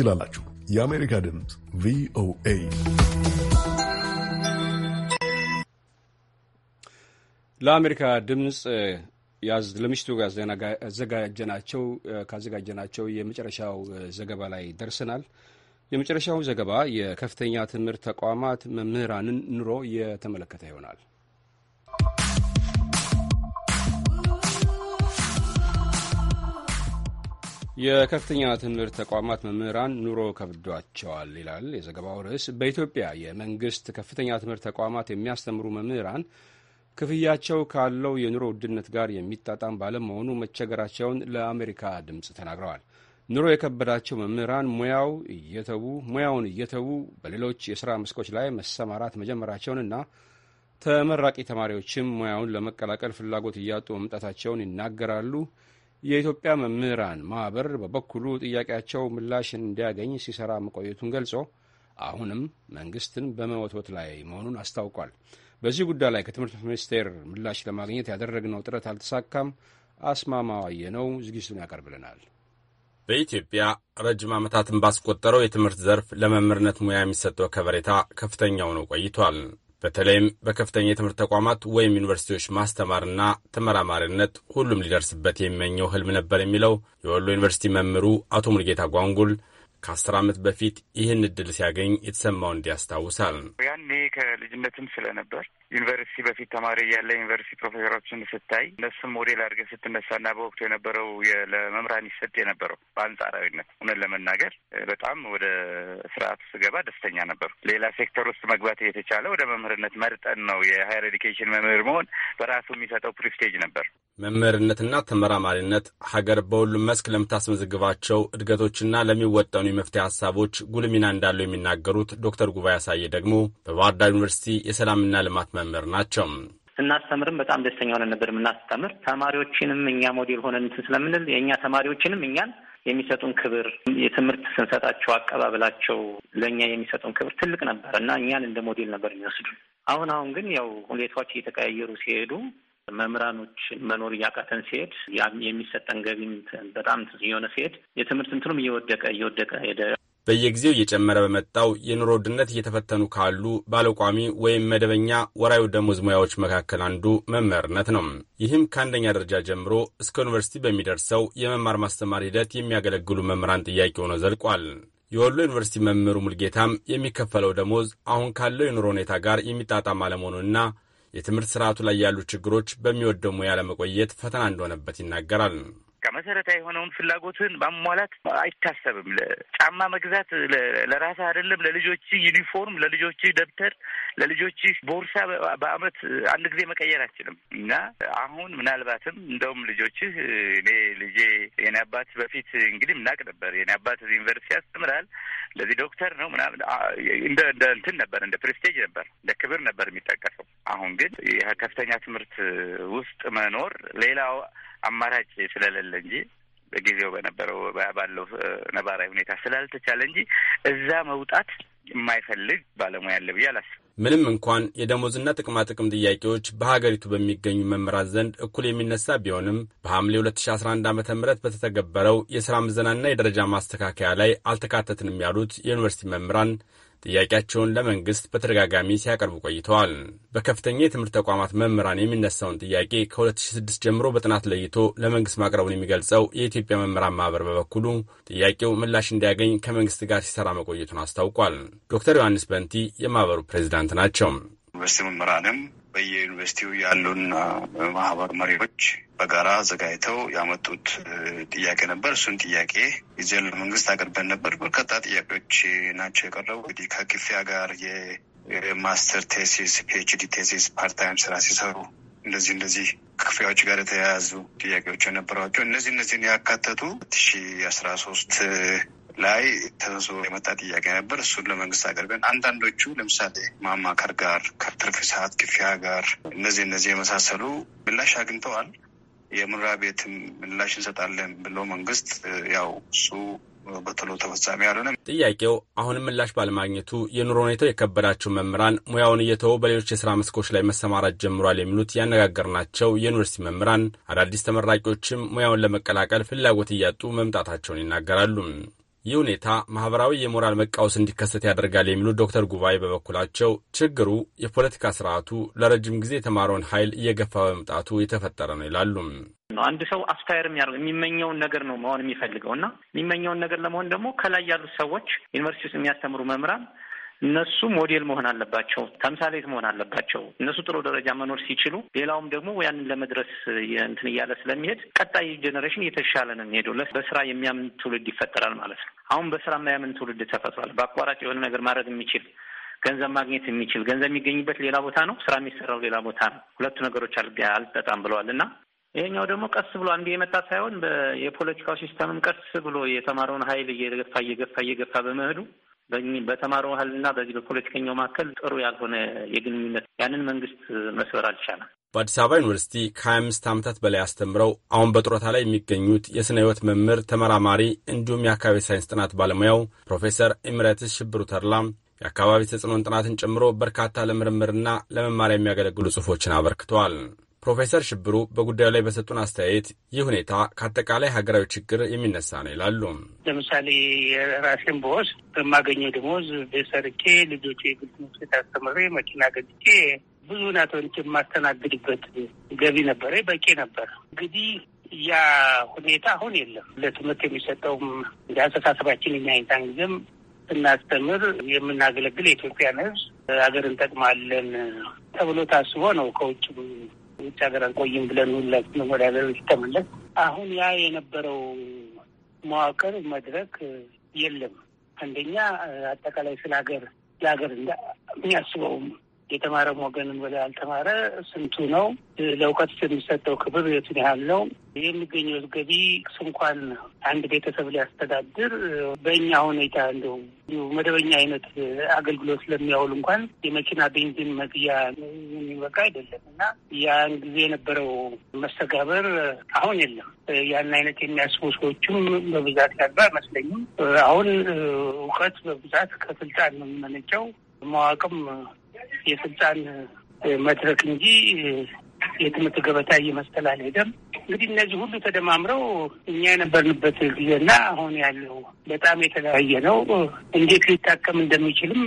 S10: ትችላላችሁ። የአሜሪካ ድምፅ ቪኦኤ
S1: ለአሜሪካ ድምፅ ለምሽቱ ያዘጋጀናቸው ካዘጋጀናቸው የመጨረሻው ዘገባ ላይ ደርሰናል። የመጨረሻው ዘገባ የከፍተኛ ትምህርት ተቋማት መምህራንን ኑሮ የተመለከተ ይሆናል። የከፍተኛ ትምህርት ተቋማት መምህራን ኑሮ ከብዷቸዋል ይላል የዘገባው ርዕስ። በኢትዮጵያ የመንግስት ከፍተኛ ትምህርት ተቋማት የሚያስተምሩ መምህራን ክፍያቸው ካለው የኑሮ ውድነት ጋር የሚጣጣም ባለመሆኑ መቸገራቸውን ለአሜሪካ ድምፅ ተናግረዋል። ኑሮ የከበዳቸው መምህራን ሙያው እየተዉ ሙያውን እየተዉ በሌሎች የሥራ መስኮች ላይ መሰማራት መጀመራቸውንና ተመራቂ ተማሪዎችም ሙያውን ለመቀላቀል ፍላጎት እያጡ መምጣታቸውን ይናገራሉ። የኢትዮጵያ መምህራን ማኅበር በበኩሉ ጥያቄያቸው ምላሽ እንዲያገኝ ሲሰራ መቆየቱን ገልጾ አሁንም መንግስትን በመወትወት ላይ መሆኑን አስታውቋል። በዚህ ጉዳይ ላይ ከትምህርት ሚኒስቴር ምላሽ ለማግኘት ያደረግነው ጥረት አልተሳካም። አስማማ ነው ዝግጅቱን ያቀርብልናል።
S4: በኢትዮጵያ ረጅም ዓመታትን ባስቆጠረው የትምህርት ዘርፍ ለመምህርነት ሙያ የሚሰጠው ከበሬታ ከፍተኛው ነው ቆይቷል። በተለይም በከፍተኛ የትምህርት ተቋማት ወይም ዩኒቨርሲቲዎች ማስተማርና ተመራማሪነት ሁሉም ሊደርስበት የሚመኘው ህልም ነበር የሚለው የወሎ ዩኒቨርሲቲ መምህሩ አቶ ሙልጌታ ጓንጉል ከአስር ዓመት በፊት ይህን እድል ሲያገኝ የተሰማው እንዲያስታውሳል።
S13: ያኔ ከልጅነትም ስለነበር ዩኒቨርሲቲ በፊት ተማሪ እያለ ዩኒቨርሲቲ ፕሮፌሰሮችን ስታይ እነሱም ሞዴል አድርገህ ስትነሳና በወቅቱ የነበረው ለመምህራን ይሰጥ የነበረው በአንጻራዊነት እውነት ለመናገር በጣም ወደ ስርዓቱ ስገባ ደስተኛ ነበሩ። ሌላ ሴክተር ውስጥ መግባት የተቻለ ወደ መምህርነት መርጠን ነው። የሀይር ኤዲኬሽን መምህር መሆን በራሱ የሚሰጠው ፕሪስቴጅ ነበር።
S4: መምህርነትና ተመራማሪነት ሀገር በሁሉም መስክ ለምታስመዘግባቸው እድገቶችና ለሚወጠኑ መፍትሄ ሀሳቦች ጉልህ ሚና እንዳለው የሚናገሩት ዶክተር ጉባኤ አሳየ ደግሞ በባህር ዳር ዩኒቨርሲቲ የሰላምና ልማት መምህር ናቸው።
S14: ስናስተምርም በጣም ደስተኛ ሆነን ነበር የምናስተምር። ተማሪዎችንም እኛ ሞዴል ሆነን እንትን ስለምንል የእኛ ተማሪዎችንም እኛን የሚሰጡን ክብር የትምህርት ስንሰጣቸው አቀባበላቸው ለእኛ የሚሰጡን ክብር ትልቅ ነበር እና እኛን እንደ ሞዴል ነበር የሚወስዱ። አሁን አሁን ግን ያው ሁኔታዎች እየተቀያየሩ ሲሄዱ መምራኖች መኖር እያቃተን ሲሄድ የሚሰጠን ገቢም በጣም የሆነ ሲሄድ የትምህርት እንትኑም እየወደቀ እየወደቀ ሄደ።
S4: በየጊዜው እየጨመረ በመጣው የኑሮ ውድነት እየተፈተኑ ካሉ ባለቋሚ ወይም መደበኛ ወራዊ ደሞዝ ሙያዎች መካከል አንዱ መምህርነት ነው። ይህም ከአንደኛ ደረጃ ጀምሮ እስከ ዩኒቨርሲቲ በሚደርሰው የመማር ማስተማር ሂደት የሚያገለግሉ መምህራን ጥያቄ ሆኖ ዘልቋል። የወሎ ዩኒቨርሲቲ መምህሩ ሙልጌታም የሚከፈለው ደሞዝ አሁን ካለው የኑሮ ሁኔታ ጋር የሚጣጣም አለመሆኑና የትምህርት ስርዓቱ ላይ ያሉ ችግሮች በሚወደው ሙያ ለመቆየት ፈተና እንደሆነበት ይናገራል።
S13: መሰረታዊ የሆነውን ፍላጎትን ማሟላት አይታሰብም። ጫማ መግዛት ለራስህ አይደለም፣ ለልጆች ዩኒፎርም፣ ለልጆች ደብተር፣ ለልጆች ቦርሳ በአመት አንድ ጊዜ መቀየር አችልም እና አሁን ምናልባትም እንደውም ልጆችህ እኔ ልጄ የኔ አባት በፊት እንግዲህ ምናቅ ነበር የኔ አባት ዩኒቨርሲቲ ያስተምራል ለዚህ ዶክተር ነው ምናምን እንደ እንደ እንትን ነበር እንደ ፕሬስቴጅ ነበር እንደ ክብር ነበር የሚጠቀሰው። አሁን ግን ከፍተኛ ትምህርት ውስጥ መኖር ሌላው አማራጭ ስለሌለ እንጂ በጊዜው በነበረው ባለው ነባራዊ ሁኔታ ስላልተቻለ እንጂ እዛ መውጣት የማይፈልግ ባለሙያ አለ ብዬ አላስብ።
S4: ምንም እንኳን የደሞዝና ጥቅማ ጥቅም ጥያቄዎች በሀገሪቱ በሚገኙ መምህራን ዘንድ እኩል የሚነሳ ቢሆንም በሐምሌ 2011 ዓ ም በተተገበረው የሥራ ምዘናና የደረጃ ማስተካከያ ላይ አልተካተትንም ያሉት የዩኒቨርሲቲ መምህራን ጥያቄያቸውን ለመንግስት በተደጋጋሚ ሲያቀርቡ ቆይተዋል። በከፍተኛ የትምህርት ተቋማት መምህራን የሚነሳውን ጥያቄ ከ2006 ጀምሮ በጥናት ለይቶ ለመንግስት ማቅረቡን የሚገልጸው የኢትዮጵያ መምህራን ማህበር በበኩሉ ጥያቄው ምላሽ እንዲያገኝ ከመንግስት ጋር ሲሰራ መቆየቱን አስታውቋል። ዶክተር ዮሐንስ በንቲ የማህበሩ ፕሬዚዳንት ናቸው።
S3: ዩኒቨርስቲ መምህራንም በየዩኒቨርሲቲው ያሉን ማህበር መሪዎች በጋራ አዘጋጅተው ያመጡት ጥያቄ ነበር። እሱን ጥያቄ ይዘን ለመንግስት አቅርበን ነበር። በርካታ ጥያቄዎች ናቸው የቀረቡ እንግዲህ ከክፍያ ጋር የማስተር ቴሲስ፣ ፒኤችዲ ቴሲስ፣ ፓርታይም ስራ ሲሰሩ እንደዚህ እንደዚህ ክፍያዎች ጋር የተያያዙ ጥያቄዎች የነበሯቸው እነዚህ እነዚህን ያካተቱ ሺ አስራ ሶስት ላይ ተንሶ የመጣ ጥያቄ ነበር። እሱን ለመንግስት አቅርበን አንዳንዶቹ ለምሳሌ ማማከር ጋር ከትርፍ ሰዓት ክፍያ ጋር እነዚህ እነዚህ የመሳሰሉ ምላሽ አግኝተዋል። የመኖሪያ ቤትም ምላሽ እንሰጣለን ብለው መንግስት ያው እሱ በቶሎ ተፈጻሚ ያልሆነ
S4: ጥያቄው አሁንም ምላሽ ባለማግኘቱ የኑሮ ሁኔታው የከበዳቸው መምህራን ሙያውን እየተወ በሌሎች የስራ መስኮች ላይ መሰማራት ጀምሯል የሚሉት ያነጋገርናቸው የዩኒቨርሲቲ መምህራን አዳዲስ ተመራቂዎችም ሙያውን ለመቀላቀል ፍላጎት እያጡ መምጣታቸውን ይናገራሉ። ይህ ሁኔታ ማህበራዊ የሞራል መቃወስ እንዲከሰት ያደርጋል የሚሉት ዶክተር ጉባኤ በበኩላቸው ችግሩ የፖለቲካ ስርዓቱ ለረጅም ጊዜ የተማረውን ኃይል እየገፋ በመምጣቱ የተፈጠረ ነው ይላሉም። አንድ
S14: ሰው አስፓየር የሚያደርገው የሚመኘውን ነገር ነው መሆን የሚፈልገው እና የሚመኘውን ነገር ለመሆን ደግሞ ከላይ ያሉት ሰዎች ዩኒቨርሲቲ ውስጥ የሚያስተምሩ መምህራን እነሱ ሞዴል መሆን አለባቸው፣ ተምሳሌት መሆን አለባቸው። እነሱ ጥሩ ደረጃ መኖር ሲችሉ ሌላውም ደግሞ ያንን ለመድረስ እንትን እያለ ስለሚሄድ ቀጣይ ጀኔሬሽን እየተሻለ ነው የሚሄደው። በስራ የሚያምን ትውልድ ይፈጠራል ማለት ነው። አሁን በስራ የማያምን ትውልድ ተፈጥሯል። በአቋራጭ የሆነ ነገር ማድረግ የሚችል ገንዘብ ማግኘት የሚችል ገንዘብ የሚገኝበት ሌላ ቦታ ነው፣ ስራ የሚሰራው ሌላ ቦታ ነው። ሁለቱ ነገሮች አልጠጣም ብለዋል እና ይሄኛው ደግሞ ቀስ ብሎ አንዱ የመጣ ሳይሆን የፖለቲካው ሲስተምም ቀስ ብሎ የተማረውን ኃይል እየገፋ እየገፋ እየገፋ በመሄዱ በተማረው ና በዚህ በፖለቲከኛው መካከል ጥሩ ያልሆነ የግንኙነት ያንን መንግስት መስበር አልቻለም።
S4: በአዲስ አበባ ዩኒቨርሲቲ ከሀያ አምስት ዓመታት በላይ አስተምረው አሁን በጡረታ ላይ የሚገኙት የሥነ ሕይወት መምህር ተመራማሪ እንዲሁም የአካባቢ ሳይንስ ጥናት ባለሙያው ፕሮፌሰር ኢምረትስ ሽብሩ ተድላ የአካባቢ ተጽዕኖን ጥናትን ጨምሮ በርካታ ለምርምርና ለመማሪያ የሚያገለግሉ ጽሑፎችን አበርክተዋል። ፕሮፌሰር ሽብሩ በጉዳዩ ላይ በሰጡን አስተያየት ይህ ሁኔታ ከአጠቃላይ ሀገራዊ ችግር የሚነሳ ነው ይላሉ።
S6: ለምሳሌ የራሴን ቦስ በማገኘው ደሞዝ ቤሰርኬ ልጆች የግል ትምህርት ቤት አስተምሬ መኪና ገዝቼ ብዙ ናቶች የማስተናግድበት ገቢ ነበረ፣ በቂ ነበር። እንግዲህ ያ ሁኔታ አሁን የለም። ለትምህርት የሚሰጠውም እንደ አስተሳሰባችን የሚያይታን ጊዜም ስናስተምር የምናገለግል የኢትዮጵያን ሕዝብ ሀገር እንጠቅማለን ተብሎ ታስቦ ነው ከውጭ ውጭ ሀገር አልቆይም ብለን ሁላችን ወደ ሀገር ተመለስ። አሁን ያ የነበረው መዋቅር መድረክ የለም። አንደኛ አጠቃላይ ስለ ሀገር ለሀገር የሚያስበውም የተማረም ወገንን ወደ ያልተማረ ስንቱ ነው? ለእውቀት የሚሰጠው ክብር የቱን ያህል ነው? የሚገኘው ገቢ እንኳን አንድ ቤተሰብ ሊያስተዳድር በእኛ ሁኔታ እንደው መደበኛ አይነት አገልግሎት ስለሚያውል እንኳን የመኪና ቤንዚን መግዣ የሚበቃ አይደለም እና ያን ጊዜ የነበረው መስተጋበር አሁን የለም። ያን አይነት የሚያስቡ ሰዎችም በብዛት ያሉ አይመስለኝም። አሁን እውቀት በብዛት ከስልጣን ነው የሚመነጨው። ማዋቅም የስልጣን መድረክ እንጂ የትምህርት ገበታ እየመሰለ አልሄደም። እንግዲህ እነዚህ ሁሉ ተደማምረው እኛ የነበርንበት ጊዜና አሁን ያለው በጣም የተለያየ ነው። እንዴት ሊታከም እንደሚችልም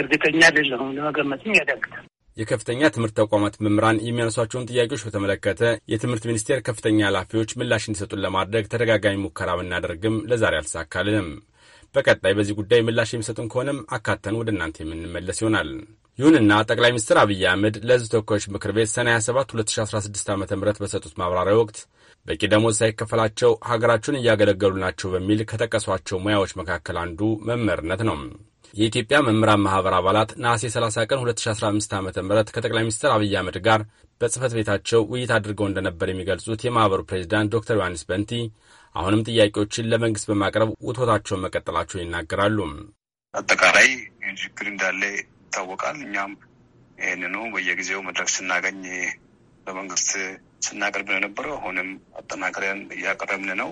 S6: እርግጠኛ አይደለሁም፣ ለመገመትም ያዳግታል።
S4: የከፍተኛ ትምህርት ተቋማት መምህራን የሚያነሷቸውን ጥያቄዎች በተመለከተ የትምህርት ሚኒስቴር ከፍተኛ ኃላፊዎች ምላሽ እንዲሰጡን ለማድረግ ተደጋጋሚ ሙከራ ብናደርግም ለዛሬ አልተሳካልንም። በቀጣይ በዚህ ጉዳይ ምላሽ የሚሰጡን ከሆነም አካተን ወደ እናንተ የምንመለስ ይሆናል። ይሁንና ጠቅላይ ሚኒስትር አብይ አህመድ ለሕዝብ ተወካዮች ምክር ቤት ሰኔ 27 2016 ዓ ም በሰጡት ማብራሪያ ወቅት በቂ ደሞዝ ሳይከፈላቸው ሀገራቸውን እያገለገሉ ናቸው በሚል ከጠቀሷቸው ሙያዎች መካከል አንዱ መምህርነት ነው። የኢትዮጵያ መምህራን ማህበር አባላት ነሐሴ 30 ቀን 2015 ዓ ም ከጠቅላይ ሚኒስትር አብይ አህመድ ጋር በጽህፈት ቤታቸው ውይይት አድርገው እንደነበር የሚገልጹት የማህበሩ ፕሬዚዳንት ዶክተር ዮሐንስ በንቲ አሁንም ጥያቄዎችን ለመንግስት በማቅረብ ውትወታቸውን መቀጠላቸውን ይናገራሉ።
S3: አጠቃላይ ችግር እንዳለ ይታወቃል። እኛም ይህንኑ በየጊዜው መድረክ ስናገኝ በመንግስት ስናቀርብ ነው የነበረው። አሁንም አጠናክረን እያቀረብን ነው።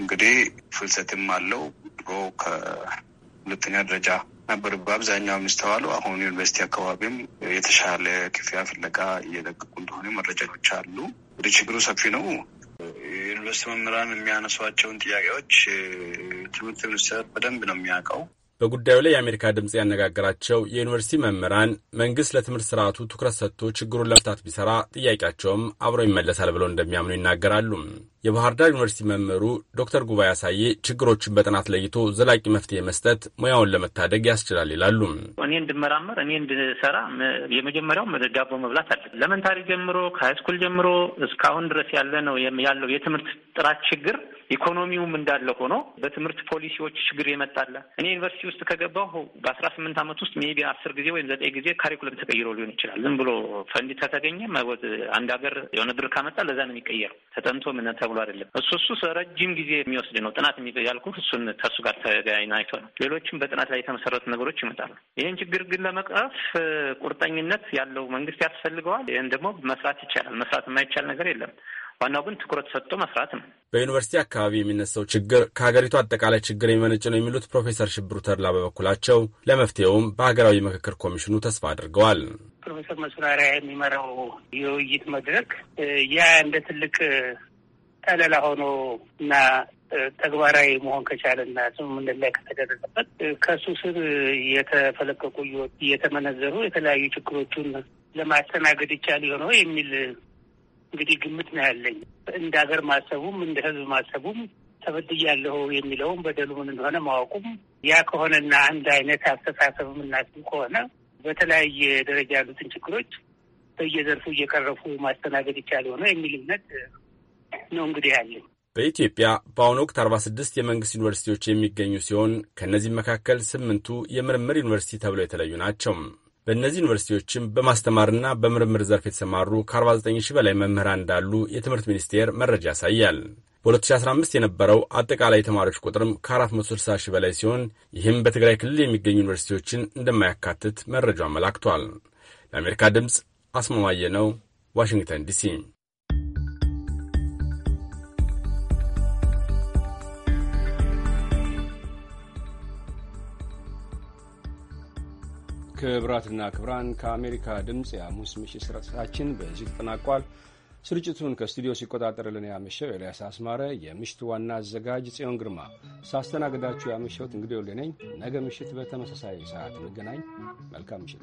S3: እንግዲህ ፍልሰትም አለው ድሮ ሁለተኛ ደረጃ ነበር በአብዛኛው የሚስተዋሉ። አሁን ዩኒቨርሲቲ አካባቢም የተሻለ ክፍያ ፍለጋ እየለቀቁ እንደሆነ መረጃዎች አሉ። ወደ ችግሩ ሰፊ ነው። ዩኒቨርስቲ መምህራን የሚያነሷቸውን ጥያቄዎች ትምህርት ሚኒስቴር በደንብ ነው የሚያውቀው።
S4: በጉዳዩ ላይ የአሜሪካ ድምፅ ያነጋገራቸው የዩኒቨርሲቲ መምህራን መንግስት ለትምህርት ስርዓቱ ትኩረት ሰጥቶ ችግሩን ለመፍታት ቢሰራ ጥያቄያቸውም አብሮ ይመለሳል ብለው እንደሚያምኑ ይናገራሉ። የባህር ዳር ዩኒቨርሲቲ መምህሩ ዶክተር ጉባኤ አሳዬ ችግሮችን በጥናት ለይቶ ዘላቂ መፍትሄ መስጠት ሙያውን ለመታደግ ያስችላል ይላሉ።
S14: እኔ እንድመራመር እኔ እንድሰራ የመጀመሪያው ዳቦ መብላት አለ። ለመንታሪ ጀምሮ ከሃይስኩል ጀምሮ እስካሁን ድረስ ያለ ነው ያለው የትምህርት ጥራት ችግር ኢኮኖሚውም እንዳለ ሆኖ በትምህርት ፖሊሲዎች ችግር የመጣለ እኔ ዩኒቨርሲቲ ውስጥ ከገባሁ በአስራ ስምንት ዓመት ውስጥ ሜቢ አስር ጊዜ ወይም ዘጠኝ ጊዜ ካሪኩለም ተቀይሮ ሊሆን ይችላል። ዝም ብሎ ፈንድ ከተገኘ አንድ ሀገር የሆነ ብር ካመጣ ለዛ ነው የሚቀየረው ተጠንቶ ምን ተብሎ ተብሎ አይደለም። እሱ እሱ ረጅም ጊዜ የሚወስድ ነው። ጥናት ያልኩህ እሱን ከሱ ጋር ተገናኝተን ነው። ሌሎችም በጥናት ላይ የተመሰረቱ ነገሮች ይመጣሉ። ይህን ችግር ግን ለመቅረፍ ቁርጠኝነት ያለው መንግስት ያስፈልገዋል። ይህን ደግሞ መስራት ይቻላል። መስራት የማይቻል ነገር የለም። ዋናው ግን ትኩረት ሰጥቶ
S4: መስራት ነው። በዩኒቨርሲቲ አካባቢ የሚነሳው ችግር ከሀገሪቱ አጠቃላይ ችግር የሚመነጭ ነው የሚሉት ፕሮፌሰር ሽብሩ ተድላ በበኩላቸው ለመፍትሄውም በሀገራዊ ምክክር ኮሚሽኑ ተስፋ አድርገዋል።
S6: ፕሮፌሰር መስራሪያ የሚመራው የውይይት መድረክ ያ እንደ ትልቅ ጠለላ ሆኖ እና ተግባራዊ መሆን ከቻለና ስምምነት ላይ ከተደረሰበት ከእሱ ስር እየተፈለቀቁ እየተመነዘሩ የተለያዩ ችግሮቹን ለማስተናገድ ይቻል የሆነው የሚል እንግዲህ ግምት ነው ያለኝ። እንደ ሀገር ማሰቡም እንደ ሕዝብ ማሰቡም ተበድያለሁ የሚለውም በደሉ ምን እንደሆነ ማወቁም ያ ከሆነና አንድ አይነት አስተሳሰብ የምናስብ ከሆነ በተለያየ ደረጃ ያሉትን ችግሮች በየዘርፉ እየቀረፉ ማስተናገድ ይቻል የሆነው የሚል እምነት ነው እንግዲህ ያለኝ።
S4: በኢትዮጵያ በአሁኑ ወቅት 46 የመንግስት ዩኒቨርሲቲዎች የሚገኙ ሲሆን ከእነዚህ መካከል ስምንቱ የምርምር ዩኒቨርሲቲ ተብለው የተለዩ ናቸው። በእነዚህ ዩኒቨርሲቲዎችም በማስተማርና በምርምር ዘርፍ የተሰማሩ ከ49 ሺህ በላይ መምህራን እንዳሉ የትምህርት ሚኒስቴር መረጃ ያሳያል። በ2015 የነበረው አጠቃላይ የተማሪዎች ቁጥርም ከ460 ሺህ በላይ ሲሆን ይህም በትግራይ ክልል የሚገኙ ዩኒቨርሲቲዎችን እንደማያካትት መረጃው አመላክቷል። ለአሜሪካ ድምፅ አስማማየ ነው፣ ዋሽንግተን ዲሲ
S1: ክብራትና ክብራን ከአሜሪካ ድምፅ የሐሙስ ምሽት ስርጭታችን በዚህ ተጠናቋል። ስርጭቱን ከስቱዲዮ ሲቆጣጠርልን ያመሸው ኤልያስ አስማረ፣ የምሽቱ ዋና አዘጋጅ ጽዮን ግርማ፣ ሳስተናግዳችሁ ያመሸሁት እንግዲህ ወልዴ ነገ ምሽት በተመሳሳይ ሰዓት እንገናኝ። መልካም ምሽት።